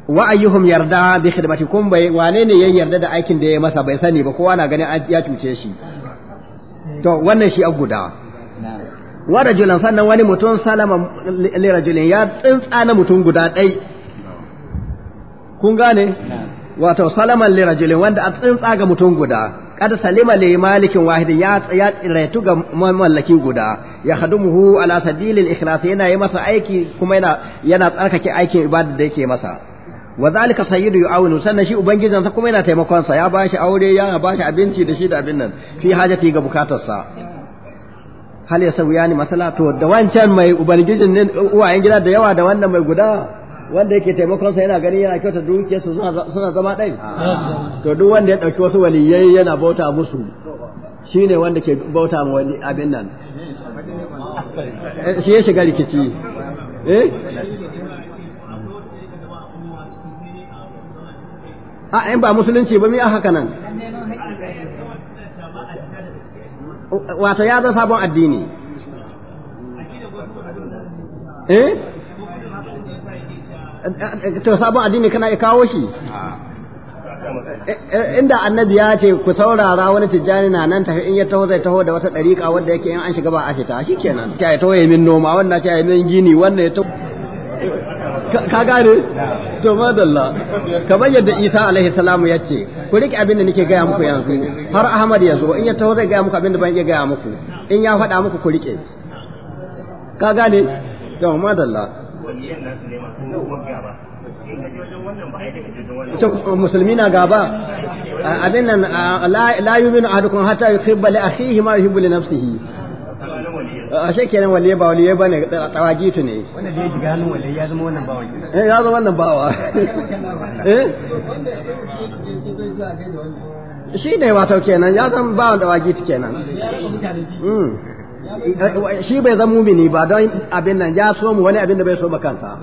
wa ayyuhum yarda bi khidmatikum bai wane ne ya yarda da aikin da ya masa bai sani ba kowa na ganin ya cuce shi to wannan shi aguda wa rajulan sannan wani mutum salama li rajulin ya tsintsa na mutum guda ɗai kun gane wato salaman li rajulin wanda a tsintsa ga mutum guda kad salima li malikin wahidin ya ya tsiraitu ga mallaki guda ya hadumuhu ala sadilil ikhlas yana yi masa aiki kuma yana yana tsarkake aikin ibada da yake masa wa zalika sayyidu yu'awinu sannan shi ubangijin sa kuma yana taimakon sa ya bashi aure ya bashi abinci da shi da abin nan fi hajati ga bukatar sa hal ya sauya ni masala to da wancan mai ubangijin ne uwayen gida da yawa da wannan mai guda wanda yake taimakon sa yana gani yana kyauta dukiyar su suna zama ɗai to duk wanda ya dauki wasu waliyai yana bauta musu shine wanda ke bauta ma wani abin nan
eh, shi ya shiga rikici eh a in ba musulunci ba mi a haka nan wato ya zo sabon addini eh? to sabon addini kana ya kawo shi eh,
eh, inda annabi ya ce ku saurara wani tijjani na nan tafi in ya taho zai taho da wata ɗariƙa wadda yake in an shiga ba a fita shi kenan. ya taho ya min noma wannan ya min gini wannan ya taho ka gane to madalla kamar yadda Isa alaihi salamu ya ce ku rike abin da nake gaya muku yanzu har Ahmad ya zo in ya taho zai gaya muku abin da ban iya gaya muku in ya faɗa muku ku rike
ka gane to madalla musulmi na gaba abin nan
la yuminu ahadukum hatta yuhibba li akhihi ma yuhibbu li nafsihi a shi kenan waliye ba waliye ba ne tsawagi tu ne wanda da ya shiga hannun waliye ya zama wannan bawa eh ya zama wannan bawa <laughs> eh shi ne wato kenan ya zama bawan da wagi kenan hmm.
eh, shi
bai zama mumini ba don abin nan ya so mu wani abin da bai so ba kansa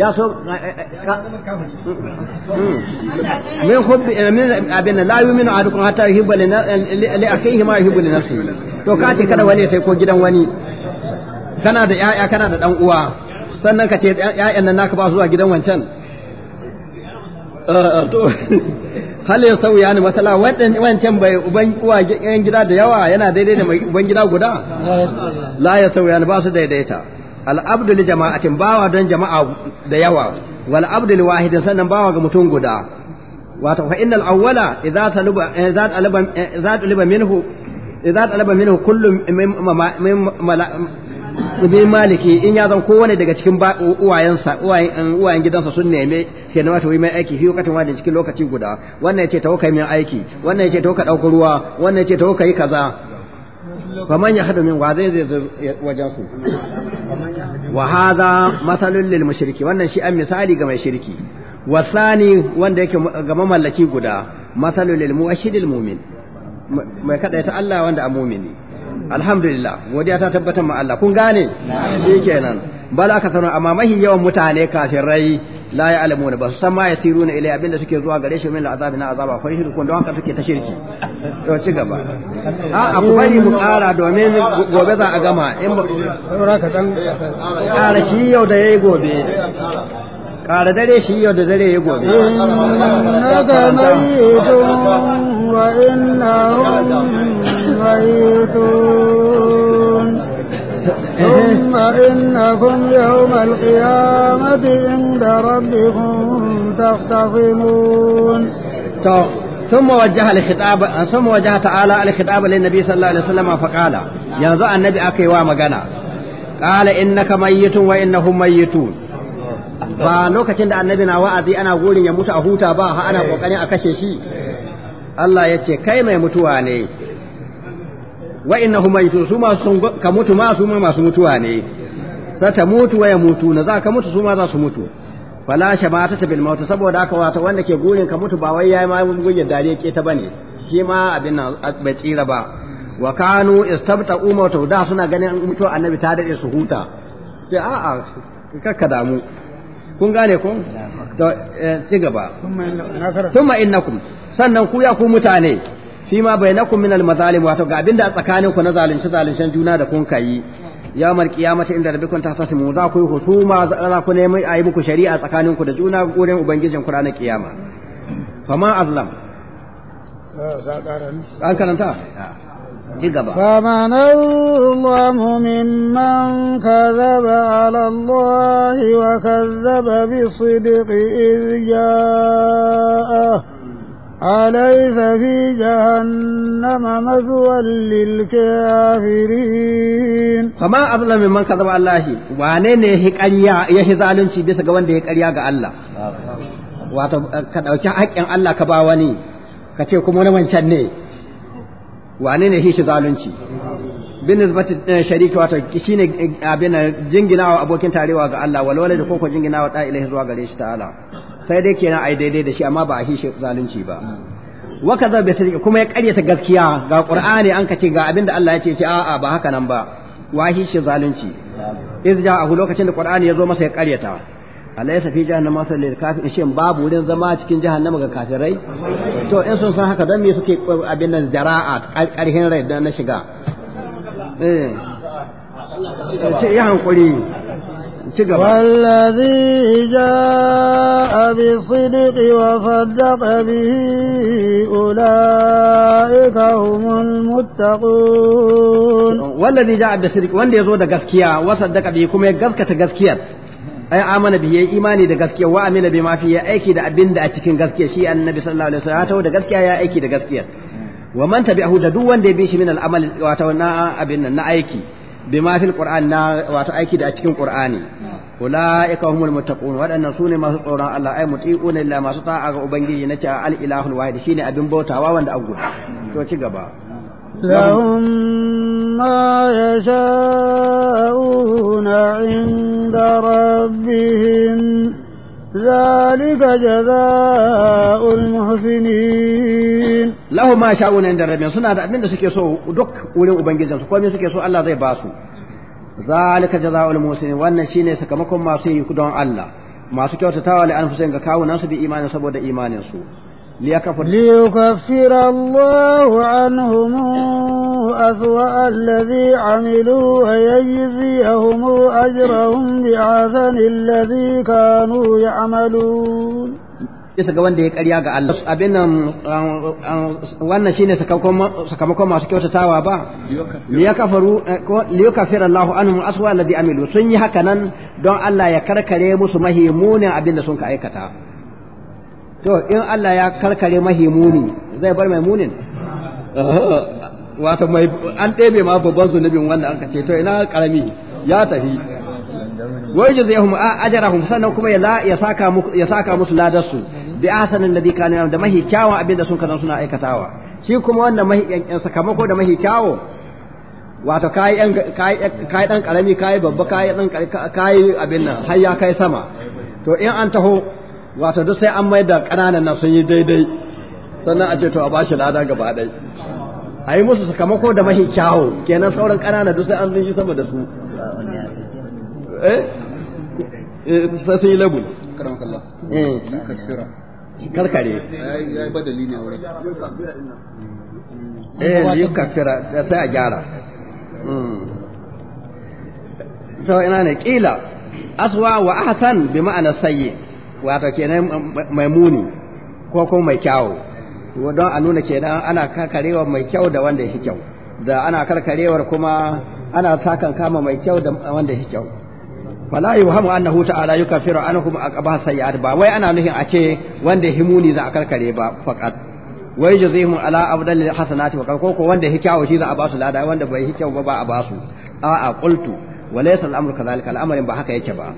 ya so eh, eh, hmm. min hubbi
min abin la yuminu ahadukum hatta yuhibba li akhihi ma yuhibbu li nafsihi to ka ce kada wani sai ko gidan wani kana da yaya kana da dan uwa sannan ka ce 'ya'yan nan naka ba zuwa gidan wancan eh, to <laughs> hal ya sauya ni masala wannan wancan bai uban uwa yan gida da yawa yana daidai da mai uban gida guda la ya sauya ni ba su daidaita al abdul li jama'atin bawa don jama'a da yawa wal abdul wahidin sannan bawa ga mutum guda wato fa innal awwala idza saluba idza eh, talaba idza eh, talaba minhu idza talaba minhu kullu min maliki in ya zan kowane daga cikin uwayensa uwayen gidansa sun neme ke na wata mai aiki fi lokacin wani cikin lokaci guda wannan yace tawo kai min aiki wannan yace tawo ka dauko ruwa wannan yace tawo kai kaza faman ya hadu min wa zai zai wajen su wa hadha mathalun lil mushriki wannan shi an misali ga mai shirki wasani wanda yake ga mamallaki guda mathalul lil muwahhidil mu'min mai kada ta Allah wanda a mumini alhamdulillah godiya ta tabbatar ma Allah kun gane nan bala aka sanar amma mahi yawan mutane kafirai la ya'lamuna ba su san ma yasiruna ilai abinda suke zuwa gare shi min al'azabi na azaba shi da don haka suke ta shirki to ci gaba a akwai mu kara domin gobe za a gama in ba
ka dan kara shi
yau da yayi gobe ƙara dare shi yau da dare ya gobe
innaka mayyitun wa innahum mayyitun thumma innakum yawmal qiyamati inda rabbikum تختصمون
ثم وجه الخطاب ثم وجه تعالى الخطاب للنبي صلى الله عليه وسلم فقال ينزع النبي أكي قال إنك ميت وإنهم ميتون ba lokacin da annabi na wa'azi ana gurin ya mutu a huta ba ha ana eh. kokarin a kashe shi Allah ya ce kai mai mutuwa ne wa innahu maytun su ma sun ka mutu ma su ma masu mutuwa ne sata mutu wa ya mutu na za ka mutu su ma za su mutu fala ta bil maut saboda haka wata wanda ke gurin ka mutu ba wai yayi ma gurin dare ke ta bane shi ma abin nan bai tsira ba wa kanu istabta umatu da suna ganin mutuwa annabi ta dade su huta sai a'a kakka damu kun gane ku to eh, ci gaba thumma innakum sannan ku ya ku mutane fi ma bainakum min al-mazalim wato ga abinda tsakanin ku na zalunci zalunci juna da kun kai ya mar kiyamata inda rabbikum tahtasimu za ku yi husuma za ku nemi ayi muku shari'a tsakanin ku da juna gurin ubangijin ku ranar kiyama fama
azlam an karanta فمن أظلم ممن كذب على الله وكذب بالصدق إذ جاءه أليس في جهنم مثوى للكافرين
فما أظلم من كذب الله وانين يهك أليا يهزالون شي بيسا قوان ديك أليا قال الله واتو كدوكي حق أن الله كباواني كتير كمونا من شنه wane ne shi zalunci bin nisbati eh, shariki wato shine eh, abin jinginawa abokin tarewa ga Allah wal walad ko ko jinginawa da ilahi zuwa gare shi ta'ala sai dai kenan ai daidai da shi amma ba a shi zalunci ba wa kaza bi sadiq kuma ya karyata gaskiya ga qur'ani an kace ga abin da Allah ya ce ce a'a ba haka nan ba wa shi zalunci a lokacin da qur'ani ya zo masa ya karyata alaysa fi jahannama masal lil kafirin shin babu wurin zama cikin jahannama ga kafirai to in sun san haka dan me suke abin nan jara'a karhin rai dan na shiga
eh sai ya hankuri
ci gaba wallazi wa bihi ulaika humul muttaqun
wallazi wanda yazo da gaskiya wa saddaqa bihi kuma ya gaskata gaskiyar ai amana bi yayi imani da gaskiya wa amila bi ma fi ya aiki da abin da a cikin gaskiya shi annabi sallallahu alaihi wasallam ya tawo da gaskiya ya aiki da gaskiya wa man tabi'ahu da duk wanda ya bi shi min al'amal wato na abin nan na aiki bi ma fil qur'an na wato aiki da a cikin qur'ani ulaika humul muttaqun wadannan sune masu tsoron Allah ai muti'una illa masu ta'a ga ubangiji na ce al ilahul wahid shine abin bautawa wanda a to ci gaba
لهم ما يشاءون عند ربهم ذلك جزاء المحسنين لهم
ما يشاءون عند ربهم سنة أبين دا سكي سو دك ولين أبنجزن سو كومي سكي سو الله زي باسو ذلك جزاء المحسنين وأن شيني سكمكم ما سيكدون الله ما سكي وتتاوى لأنفسهم كاونا سبي إيمان سبو دا إيمان سو
ليكفر ليكفر الله عنهم أسوأ الذي عملوا ويجزيهم أجرهم بأحسن الذي كانوا يعملون
Isa ga wanda ya karya ga Allah abin nan wannan shine sakamakon masu kyautatawa ba liyakafaru eh, liyakafira Allahu anhum aswa alladhi amilu sun yi haka nan don Allah ya karkare musu mahimunan abin da sun ka aikata to in Allah ya karkare mahimuni zai bar mai munin wato mai an ɗebe ma babban zunubin wanda an ce to ina karami ya tafi wai jazaihum ajrahum sannan kuma ya saka musu ya saka musu ladar su bi ahsanin ladhi kana da mahi kyawun abin da sun kazan suna aikatawa shi kuma wannan mahi eh, sakamako da mahi kyawo wato kai yan kai dan karami kai babba kai dan kai abin nan har ya kai sama to in an taho wato duk sai an maida da ƙananan nan sun yi daidai sannan a ce to a bashi lada gaba ɗai a yi musu sakamako da mahi kyawo kenan sauran ƙanana duk sai an sun yi sama da su
eh sai
sun yi labu eh. karkare
eh yi kafira sai a gyara
hmm. to ina ne kila aswa wa ahsan bi ma'ana sayyi wato kenan mai muni ko kuma mai kyawu don a nuna kenan ana karkarewar mai kyau da wanda yake kyau da ana karkarewar kuma ana sakan kama mai kyau da wanda yake kyau fala yuhamu annahu ta'ala yukafiru anhum aqaba sayyi'at ba wai ana nufin a ce wanda yake muni za a karkare ba faqat wai jazihum ala afdal hasanati wa ko wanda yake kyau shi za a ba su lada wanda bai yake kyau ba ba a ba su a'a qultu walaysa al-amru kadhalika al-amrin ba haka yake ba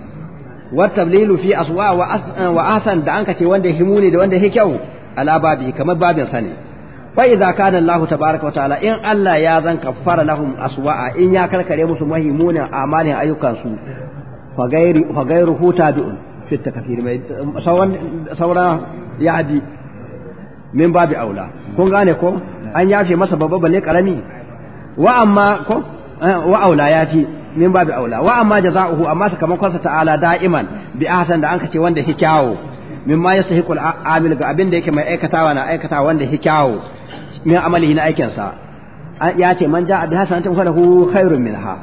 wa tablilu fi aswa wa eh, ahsan da anka ce wanda himu ne da wanda kyau ala babi kamar babin sa ne fa idza kana Allah tabaaraka wa ta'ala in Allah ya zan kaffara lahum aswa'a in ya karkare musu mahimunan amalin ayyukan su fa gairi fa gairuhu tabi'un fi takfir mai saura ya bi min aula kun gane an yafe masa eh, yafi min babu aula wa amma jaza'uhu amma sakamakon sa ta'ala da'iman bi ahsan da anka ce wanda yake min mimma yastahiqu al-amil ga abin da yake mai aikatawa na aikatawa wanda yake kyawo min amalihi na aikin sa ya ce man ja'a bi hasanatin falahu khairun minha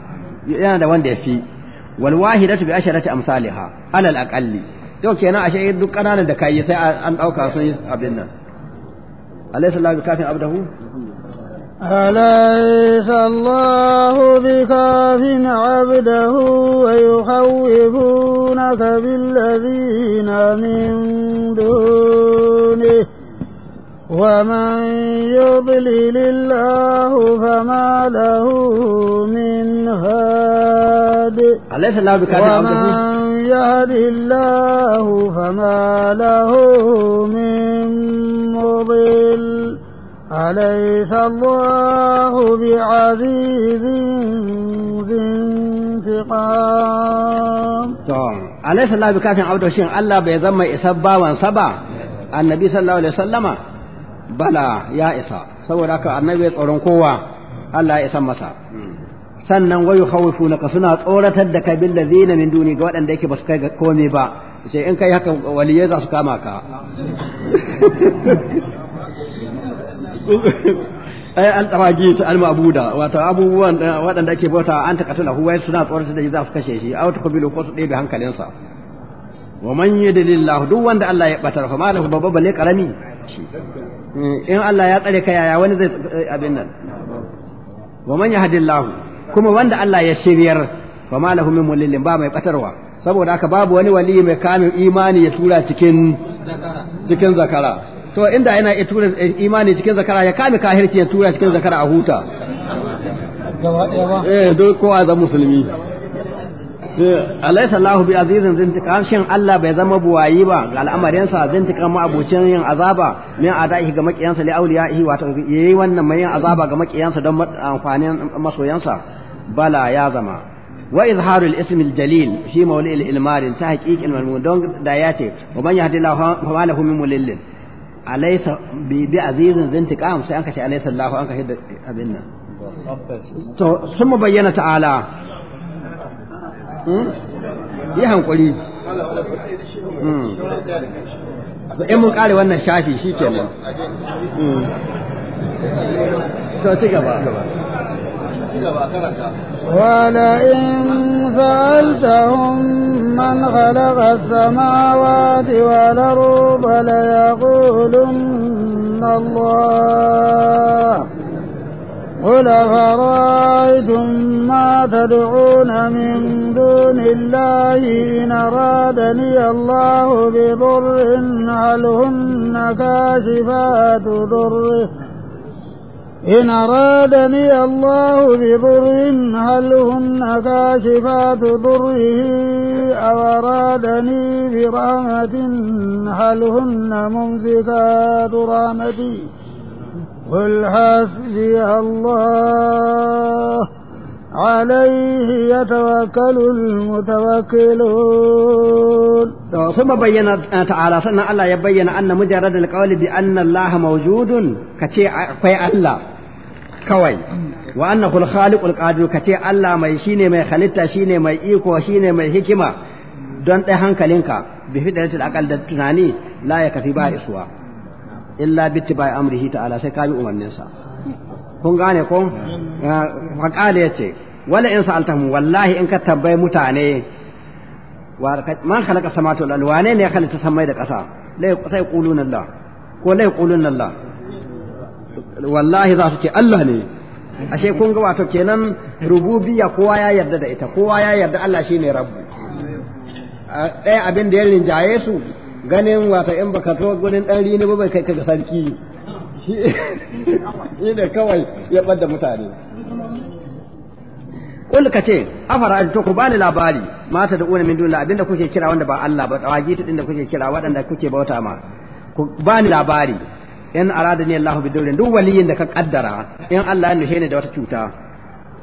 yana da wanda yafi wal wahidatu bi asharati amsalha ala al-aqalli yau kenan ashe duk kananan da kai sai an dauka sun abin nan
alaysa la bi kafin abdahu أليس الله بكاف عبده ويخوفونك بالذين من دونه ومن يضلل الله فما له من هاد أليس الله بكاف ومن يهد الله فما له من مضل أليس الله بعزيز ذي انتقام
أليس الله بكاف عبد الشيخ ألا بيزم إسبا وانصبا النبي صلى الله عليه wa بلى يا إسا سورك النبي tsoron kowa Allah ya isan masa sannan wayu khawfunaka suna tsoratar da kai bil ladina min duni ga waɗanda yake basu kai komai ba sai in kai haka waliyai za su kama ka <laughs> ai al tawagi ta al-mabuda wato abubuwan waɗanda ake bauta an ta katala huwa suna tsoron da za su kashe shi aw taqbilu ko su ɗebe hankalinsa wa man yudlillah duk wanda Allah ya batar fa malahu babba balle karami in Allah ya tsare ka yaya wani zai abin nan wa man yahdillahu kuma wanda Allah ya shiryar fa malahu min mulillin ba mai batarwa saboda haka babu wani wali mai kamin imani ya tura cikin cikin zakara to inda yana iya tura eh, imani cikin zakara ya kame kahirci ya tura cikin zakara a huta eh duk kowa zan musulmi eh, alaysa Allahu bi azizin zintiqam shin Allah bai zama buwayi ba ga al'amarin sa zintiqam ma abocin yin azaba min adaihi ga makiyansa li awliyaihi wato yayi wannan mai yin azaba ga makiyansa don amfanin masoyansa bala ya zama wa izharul ism al jalil fi mawli' al ilmar ta al malmun don da yace wa man yahdi lahu fa lahu min alaysa bi bi azizin zintiqam sai an kace alaysa Allahu an kace abin nan to sun bayyana ta'ala
yi hankuri in mun kare wannan shafi shi kenan to ci gaba ولئن
سألتهم من خلق السماوات والأرض ليقولن الله قل أفرأيتم ما تدعون من دون الله إن أرادني الله بضر هل هن كاشفات ضره إن أرادني الله بضر هل هن كاشفات ضره أو أرادني برامة هل هن ممزكات رامتي قل حسبي الله عليه يتوكل المتوكلون
ثم بين تعالى سنة الله يبين أن مجرد القول بأن الله موجود كتي الله kawai mm. wa annahu al-khaliqul qadir kace Allah mai shine mai halitta shine mai iko shine mai hikima don dai hankalinka bi fidratil aqal da tunani la ya ba isuwa illa bi tibai amrihi ta'ala sai umarnin sa kun gane ko mm. wa qala yace wala in sa'altahum wallahi in ka tabbai mutane man khalaqa samawati wal ne ya halitta samai da ƙasa sai Allah ko Allah wallahi za su ce Allah ne ashe kun ga wato kenan rububiyya kowa ya yarda da ita kowa ya yarda Allah shine rabbu ɗaya abin da ya rinjaye su ganin wato in baka to gurin ɗan rini ba bai kai ka sarki shi ne kawai ya ɓadda mutane Kul ka ce, afara to ku bani labari mata da una min duniya abinda kuke kira wanda ba Allah ba, tawagi ta da kuke kira waɗanda kuke bauta ma. Ku bani labari in arada ni bi bidurrin duk waliyin da ka kaddara in Allah ya nuhe ne da wata cuta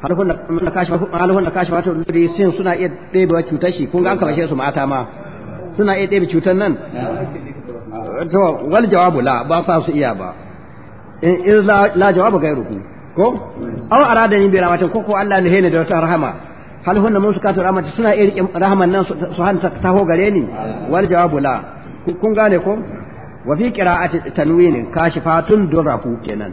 halhun da kashi halhun da kashi wato sin suna iya ɗebewa cutar shi kun ga an kafashe su mata ma suna iya ɗebe cutar nan to wal jawabu la ba sa su iya ba in la jawabu gairuku ko aw arada ne bi rahmatin ko ko Allah nuhe ne da wata rahama mun suka ta rahmatin suna iya rike rahaman nan su hanta taho gare ni wal jawabu la kun gane ko wa fi qira'ati tanwinin kashifatun durrafu kenan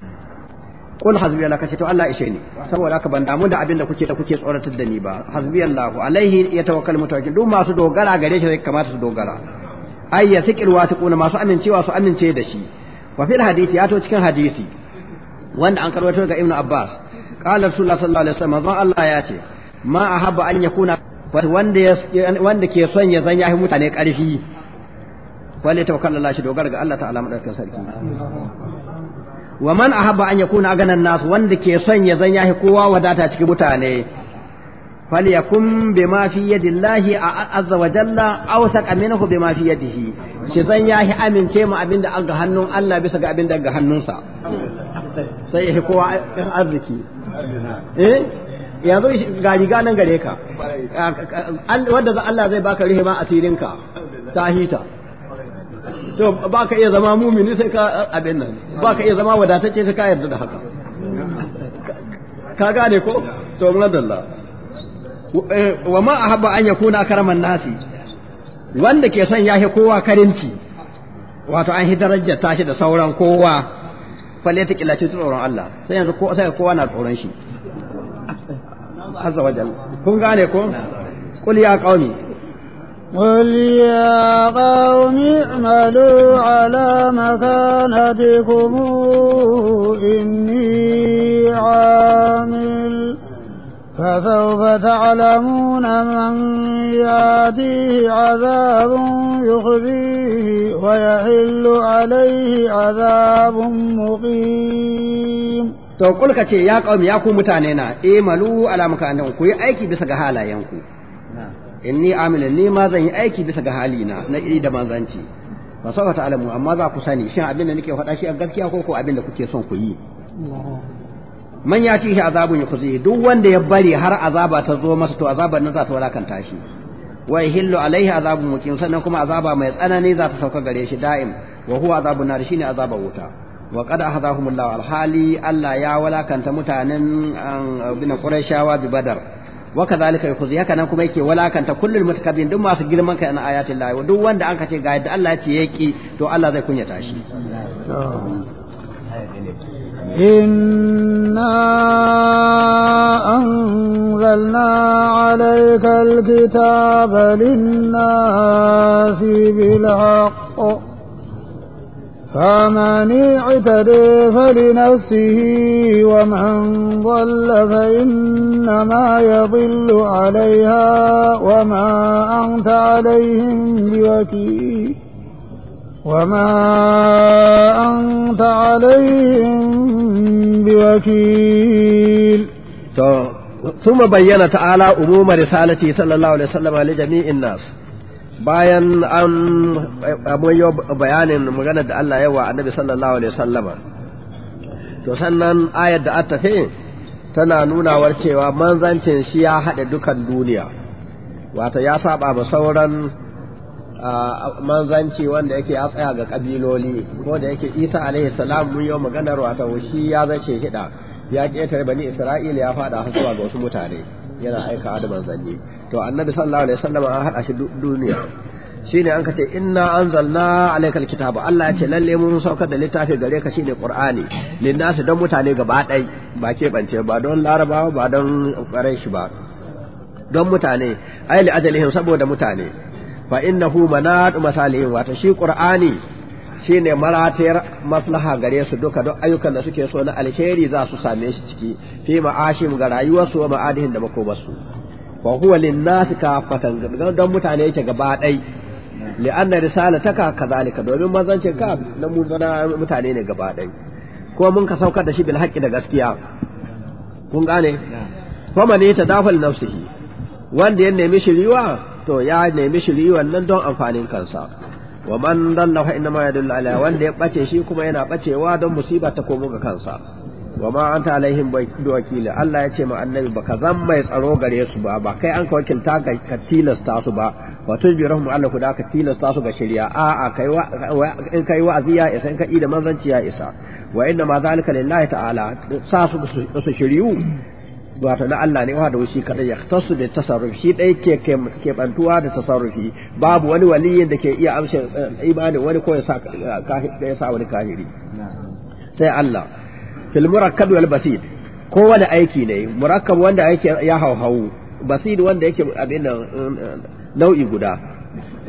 qul hasbi Allah kace to Allah ishe ni saboda haka ban damu da abin da kuke da kuke tsoratar da ni ba hasbi Allah alaihi yatawakkal mutawakkil duk masu dogara gare zai kamata su dogara ay yasiqil wasiquna masu amincewa su amince da shi wa fil hadisi ya to cikin hadisi wanda an karwato ga Ibn Abbas Kalar Rasulullah sallallahu alaihi wasallam zan Allah ya ce ma ahabba an yakuna wanda wanda ke son ya zan mutane karfi wale ta Allah shi dogara ga Allah ta'ala madaukakin sarki wa man ahabba an yakuna aganan nas wanda ke son ya zan yahi kowa wadata ciki mutane falyakun bima fi yadillahi azza wa jalla aw saqa minhu bima fi yadihi shi zan yahi amince mu abinda da aga hannun Allah bisa ga abinda ga hannunsa sai yahi kowa kan arziki eh yanzu ga riga nan gare ka wanda Allah zai baka rihima asirinka tahita to ba ka iya zama mumini sai ka abin nan ba ka iya zama wadatacce sai ka yarda da haka ka gane ko to madalla wa eh, ma ahabba an yakuna karaman nasi wanda ke son yahi kowa karinci wato an hi darajar tashi da sauran kowa falle ta killace tsoron Allah sai yanzu ko sai kowa na tsoron shi azza wajal kun gane ko qul ya qaumi
قل يا قوم اعملوا على مكانتكم إني عامل فسوف تعلمون من يأتيه عذاب يخزيه ويحل عليه عذاب مقيم
to kulka ce ya kaumi ya ku mutane na e malu ala makanan ku yi aiki bisa ga halayenku inni amilin ni ma zan yi aiki bisa ga halina na iri da manzanci ba sauka ta alamu amma za ku sani shin abin da nake faɗa shi a gaskiya ko ko abin da kuke son ku yi man ya ci shi azabun kuzi duk wanda ya bari har azaba ta zo masa to azaban nan za ta walakanta shi wa yahillu alaihi azabun muqim sannan kuma azaba mai tsanani za ta sauka gare shi da'im wa huwa azabun nar shine azaban wuta wa qad ahadahumullahu alhali Allah ya walakanta mutanen bin qurayshawa bi badar wa kadhalika yakhudhi haka nan kuma yake walakanta kullul mutakabbin duk masu girman kai na ayatin Allah duk wanda an kace ga yadda Allah ya ce yaki to Allah zai kunyata shi
إنا أنزلنا عليك الكتاب للناس بالحق فمن اعتدى فلنفسه ومن ضل فإنما يضل عليها وما أنت عليهم بوكيل وما أنت عليهم بوكيل
ثم بين تعالى أموم رسالته صلى الله عليه وسلم لجميع الناس bayan an abuwa bayanin magana da Allah yawa annabi sallallahu alaihi wasallama to sannan ayar da aka tafi tana nunawar cewa manzancin shi ya haɗe dukan duniya Wata ya saba ba sauran manzanci wanda yake ya tsaya ga ƙabiloli ko da yake isa alaihi salam mun yi maganar wata shi ya zace hida ya ƙetare bani isra'ila ya faɗa zuwa ga wasu mutane yana aika da zanni to annabi sallallahu alaihi wasallam an hada shi duniya shine an kace inna anzalna alaykal kitabu. Allah ya ce lalle mun saukar da littafi gare ka shine qur'ani linnasi don mutane gaba dai ba ke bance ba don larabawa ba don shi ba don mutane ai li ajalihim saboda mutane fa innahu manat masalihin wato shi qur'ani shine maratayar maslaha gare su duka don ayyukan da suke so na alheri za su same shi ciki fi ma'ashim ga rayuwarsu wa ma'adihin da makomarsu fa huwa lin nas kafatan don mutane yake gaba dai li anna risalataka kazalika domin ka na mutane ne gaba dai ko mun ka saukar da shi bil haqqi da gaskiya kun gane fa man yata dafal nafsihi wanda ya nemi shiriwa to ya nemi shiriwan nan don amfanin kansa wa man dalla fa inna ma yadullu ala wanda ya bace shi kuma yana bacewa don musiba ta komo ga kansa wa ma anta alaihim bi wakili Allah ya ce ma annabi baka zan mai tsaro gare su ba ba kai an ka wakilta ga ka tilasta su ba wa tujbirahum Allah ku da ka tilasta su ga shari'a a a kai in kai wa'azi ya isa in ka da manzanci ya isa wa inna ma zalika lillahi ta'ala sa su su shiriyu wato na Allah ne da shi kada ya tasu da tasarrufi shi dai ke ke bantuwa da tasarrufi babu wani waliyi da ke iya amshin eh, imanin wani ko ya sa wani kahiri sai Allah fil murakkab wal basid kowane aiki ne murakkab wanda yake ya hauhawu basid wanda yake abin um, um, nau'i guda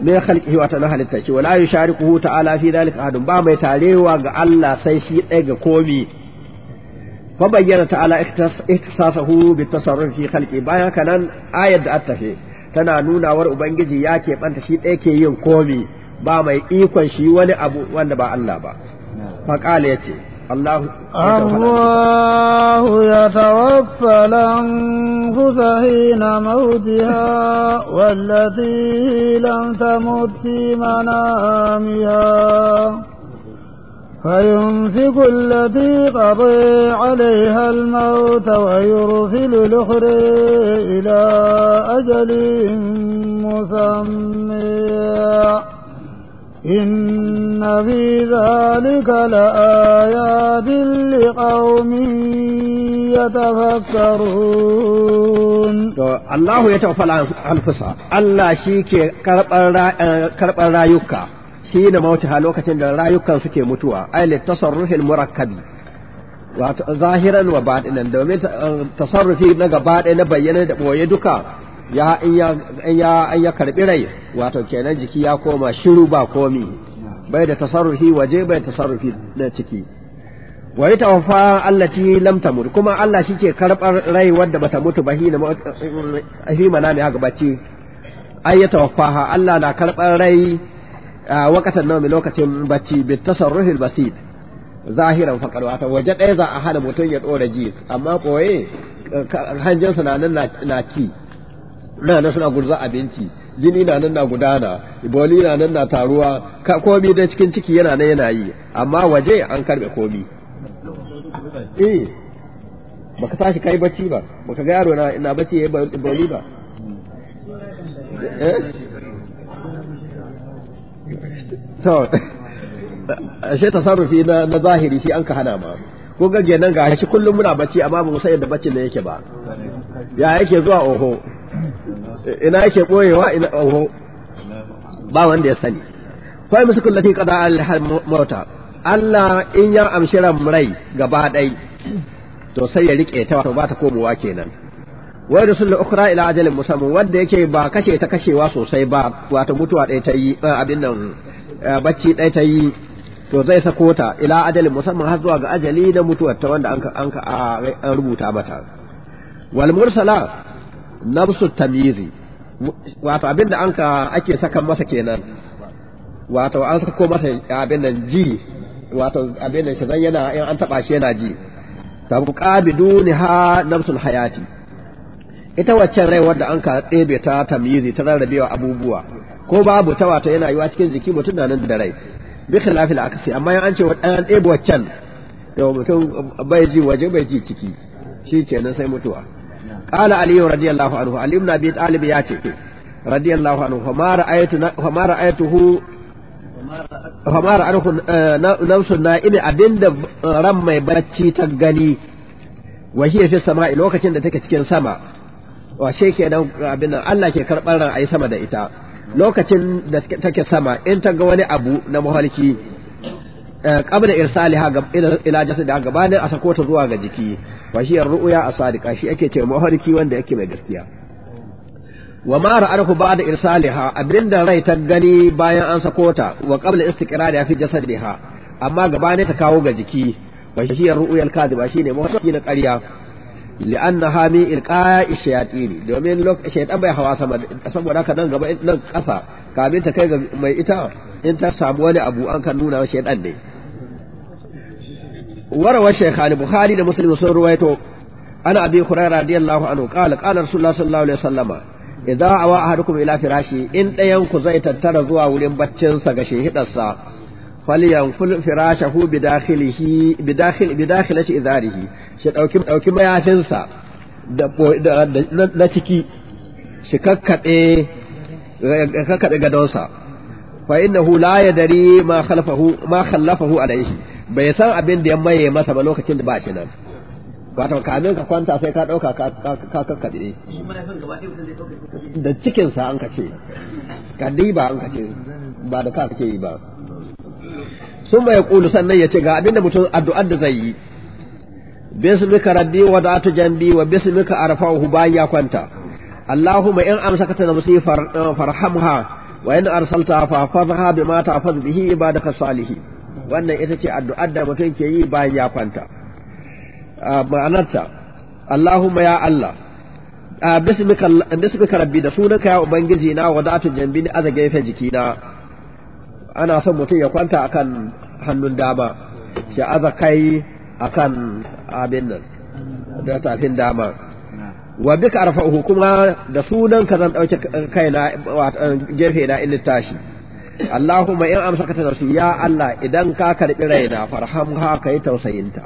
me khalqi wa ta'ala halitta shi wala yushariquhu ta'ala fi dalika ahadun ba mai tarewa ga Allah sai shi ɗaya ga komi fa bayyana ta'ala ihtisasahu bi tasarruf fi khalqi bayan kanan ayat da attafe tana nunawar ubangiji ya ke banta shi ɗaya ke yin komi ba mai ikon shi wani abu wanda ba Allah ba fa qala yace الله
الله يتوفى الأنفس حين موتها والتي لم تمت في منامها فيمسك التي قضي عليها الموت ويرسل الأخرى إلى أجل مسمى إن في ذلك لآيات لقوم يتفكرون
الله يتوفى الأنفس الله شيك كرب رايوكا حين موتها لوكة رايوكا سكي متوى أي للتصرف المركب ظاهرا وباطنا domin tasarrufi na gaba ɗaya na bayyana da ɓoye duka ya in ya karbi rai wato kenan jiki ya koma shiru ba komi bai da tasarrufi waje bai tasarrufi na ciki wani ta wafa ti lam mutu kuma Allah shi ke karbar rai wadda bata mutu ba hina hi manami haka bacci ya Allah na karbar rai wakatan mai lokacin bacci bi tasarruhi basit zahiran faqad ta waje ɗaya za a hana mutum ya dora ji amma koye hanjinsa na nan na ci na nan suna gurza abinci jini na nan na gudana boli na nan na taruwa ka komi da cikin ciki yana nan yana yi amma waje an karbe komi eh baka tashi kai bacci ba baka ga yaro na ina bacci yayi boli ba eh? to ashe tasarrufi na na zahiri shi an ka hana ma ko ga nan ga shi kullum muna bacci amma ba mu san yadda baccin da yake ba ya yake zuwa oho ina yake boyewa ina oho ba wanda ya sani fa musukul lati qada al mota. Allah in ya amshi rai gaba ɗai to sai ya rike ta wato ba ta komowa kenan wai rasul ukhra ila ajalin musamman wanda yake ba kashe ta kashewa sosai ba wato mutuwa ɗaya ta yi eh, abin nan eh, bacci ɗaya ta yi to zai sako ta ila ajalin musamman har zuwa ga ajali na mutuwar ta wanda an rubuta mata wal mursala nafsu tamyizi wato abinda an ka ake sakan masa kenan wato an sako masa abin nan ji wato abin nan shazan yana in an taba shi yana ji ta tabqa biduni ha nafsu hayati ita waccan rai wadda an ka tsebe ta tamyizi ta rarrabewa abubuwa ko babu ta wato yana yiwa cikin jiki mutum na nan da rai bi khilafi al-aksi amma yan an ce an ɗebe waccan to mutum bai ji waje bai ji ciki shi kenan sai mutuwa قال علي رضي anhu عنه علي بن ابي طالب ce رضي anhu عنه فما رايت فما رايته فما نفس abinda ran mai barci ta gani في السماء cikin sama الله كي Allah ke sama da ita lokacin da take sama in ta ga wani abu na muhalki Eh, qabla irsaliha ila jasadi gabanin a sako ta zuwa ga jiki wa hiya ru'ya asadiqa shi ake ce mafarki wanda yake mai gaskiya wa ma ra'arku ba'da irsaliha abinda rai ta gani bayan an sako ta wa qabla istiqrariha fi jasadiha amma gabanin ta kawo ga jiki wa hiya ru'ya alkadiba shine mafarki na ƙarya li'annaha min ilqa'i shayatin domin lokacin shaytan bai hawa sama saboda haka nan gaba nan kasa kamin ta kai ga mai ita in ta samu wani abu an kan nuna washe shaidan ne warawar shaykhani bukhari da muslim sun ruwaito ana abi hurairah radiyallahu anhu qala qala rasulullah sallallahu alaihi wasallama idza awa ahadukum ila firashi in dayan ku zai tattara zuwa wurin baccin sa ga shehidarsa falyanful firashahu bidakhilihi bidakhil bidakhilati idarihi shi dauki dauki mayafin sa da na ciki shi kakkade kakkade gadonsa fa innahu la yadri ma khalfahu ma khallafahu alayhi bai san abin da ya maye masa ba lokacin da ba shi nan wato kamin ka kwanta sai ka dauka ka kakkaɗe da cikin sa an kace ka ba an kace ba da ka kake yi ba sun bai kulu sannan ya ce ga abin da mutum addu'ar da zai yi bismika rabbi wa da'atu jambi wa bismika arfahu bayan ya kwanta allahumma in amsakata na musifar farhamha wa in arsalta fa fadha bima ta'fad bihi ibadaka salihi wannan ita ce addu'ar da mutum ke yi bayan ya kwanta ma'anarta Allahumma ya Allah bismika rabbi da sunanka ya ubangiji na wadatun jambi ni aza jiki jikina ana son mutum ya kwanta akan hannun dama sai aza kai akan abin nan da tafin dama wa bika arfa'uhu kuma da sunan ka zan dauke kaina gefe na in tashi Allahumma in amsakata nafsi ya Allah idan ka karbi raina farham ha kai tausayinta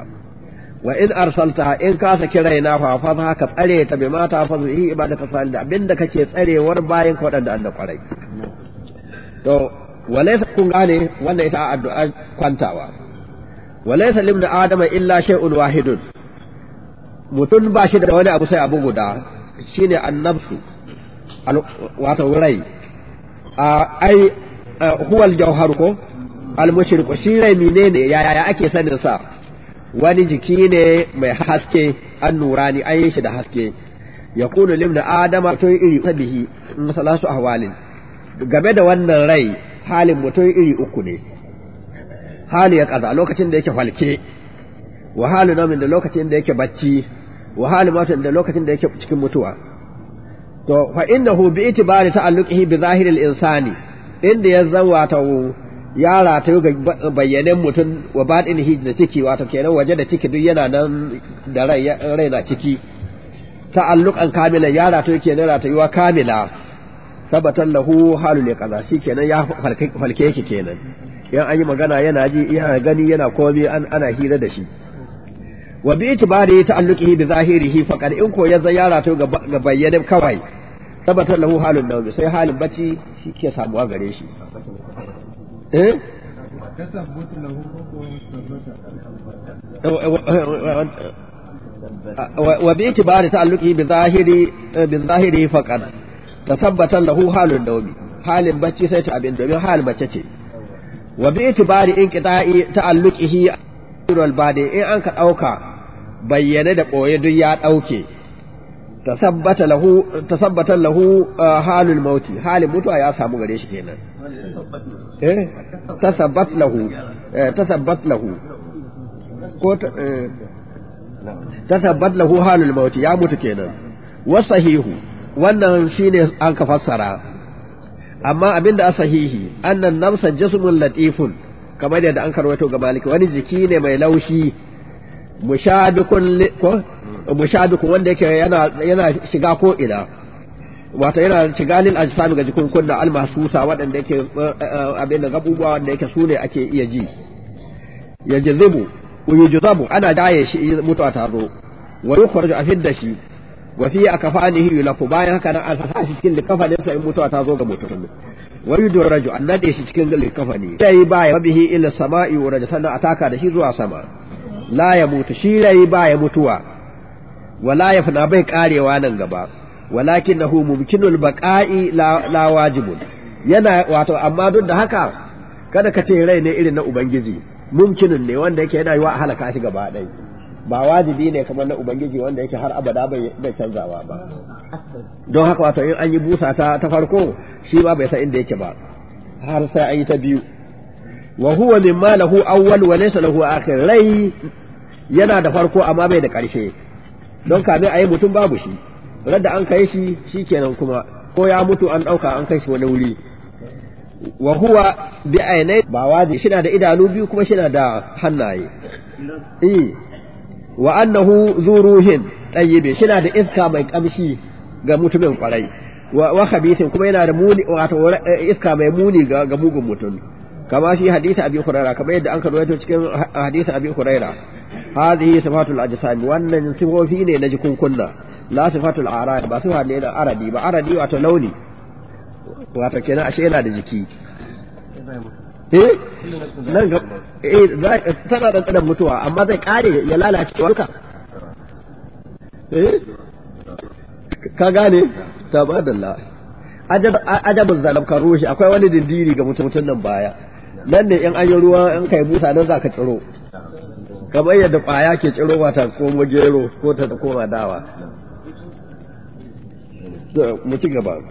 wa in arsalta in ka saki raina fa fa ka tsare ta bi mata fa zuhi ibadaka salih abinda kake tsarewar bayan ka wadanda Allah kwarai to walaysa kun gane wannan ita addu'a kwantawa walaysa limna adama illa shay'un wahidun mutum ba shi da wani abu sai abu guda shine annabsu wato rai ai huwal jauhar ko almushriku shi rai menene yaya ake sanin sa wani jiki ne mai haske an nurani an yi shi da haske ya kunu limna adama to iri sabihi masalasu ahwalin game da wannan rai halin mutum iri uku ne hali ya kaza lokacin da yake falke wa halu namin da lokacin da yake bacci wa halimatu da lokacin da yake cikin mutuwa to fa innahu bi itibari ta'alluqihi bi zahiril insani inda ya zawa ta ya ratayu ga bayyanen mutum wa batinihi da ciki wato kenan waje da ciki duk yana nan da rai na ciki ta'alluqan kamila ya ratayu kenan ratayuwa kamila sabatan lahu halul yaqaza shi kenan ya falke yake kenan yan an yi magana yana ji yana gani yana komai ana hira da shi wa bi itibari ta'alluqihi bi zahirihi faqad in ko yaza yara to ga bayyane kawai tabbatar lahu halun dawbi sai halin bacci shike sabuwa gare shi eh wa bi itibari ta'alluqihi bi zahiri bi zahiri faqad tasabbatan lahu halun dawli halin bacci sai ta abin domin halin bacci ce wa bi itibari in ta'alluqihi al badi in an ka dauka bayyane da ɓoye duk ya ɗauke tasabbata lahu tasabbata lahu uh, halul mauti halin mutuwa ya samu gare shi kenan eh tasabbat lahu eh, tasabbat lahu ko eh, tasabbat lahu halul mauti ya mutu kenan wasahihu wannan shine an ka fassara amma abinda asahihi annan namsa jismun latifun kamar yadda an karwato ga maliki wani jiki ne mai laushi mushabikun ko mushabikun wanda yake yana yana shiga ko ina wato yana shiga lil ajsami ga jikun kunna al mahsusa wadanda yake eh, eh, abin da gabubuwa wanda yake sune ake iya ji yajzibu wa yujzabu ana daye shi mutuwa ta zo wa yukhraju da shi wa fi akafanihi yulaku bayan haka nan asasa shi cikin likafanin sai in mutuwa ta zo ga mutum wa yudraju annade shi cikin likafani sai baya bihi ila sama'i wa rajasan ataka da shi zuwa sama la ya mutu shi rai ba ya mutuwa wala ya fada bai karewa nan gaba walakin nahu mumkinul baqa'i la wajibun yana wato amma duk da haka kada ka ce rai ne irin na ubangiji munkinin ne wanda yake yana yi a halaka shi gaba dai ba wajibi ne kamar na ubangiji wanda yake har abada bai canzawa ba don haka wato in an yi busa ta ta farko shi ba bai san inda yake ba har sai an ta biyu wa huwa mimma lahu awwal wa laysa lahu akhir rai yana da farko amma bai da ƙarshe don kame a yi mutum babu shi radda an kai shi shi kenan kuma ko ya mutu an ɗauka an kai shi wani wuri wa huwa bi ainai ba wadi shina da idanu biyu kuma shina da hannaye eh wa annahu zu ruhin shi shina da iska mai kamshi ga mutumin kwarai wa khabithin kuma yana da muni wato iska mai muni ga mugun mutum kama shi hadisi abi hurairah kamar yadda an karwaito cikin hadisi abi hurairah hadhihi sifatul ajsam wannan sifofi ne na jikin kunna la sifatul arab ba sifa ne na arabi ba arabi wato launi wato kenan ashe yana da jiki eh nan tana da tsadan mutuwa amma zai kare ya lalace wanka ka gane tabadalla ajab ajabul zalam akwai wani dindiri ga mutum nan baya nan ne in an yi ruwa kai busa nan zaka tsiro ka
yadda kwaya ke tsiro wata ko gero ko ta koma dawa mu gaba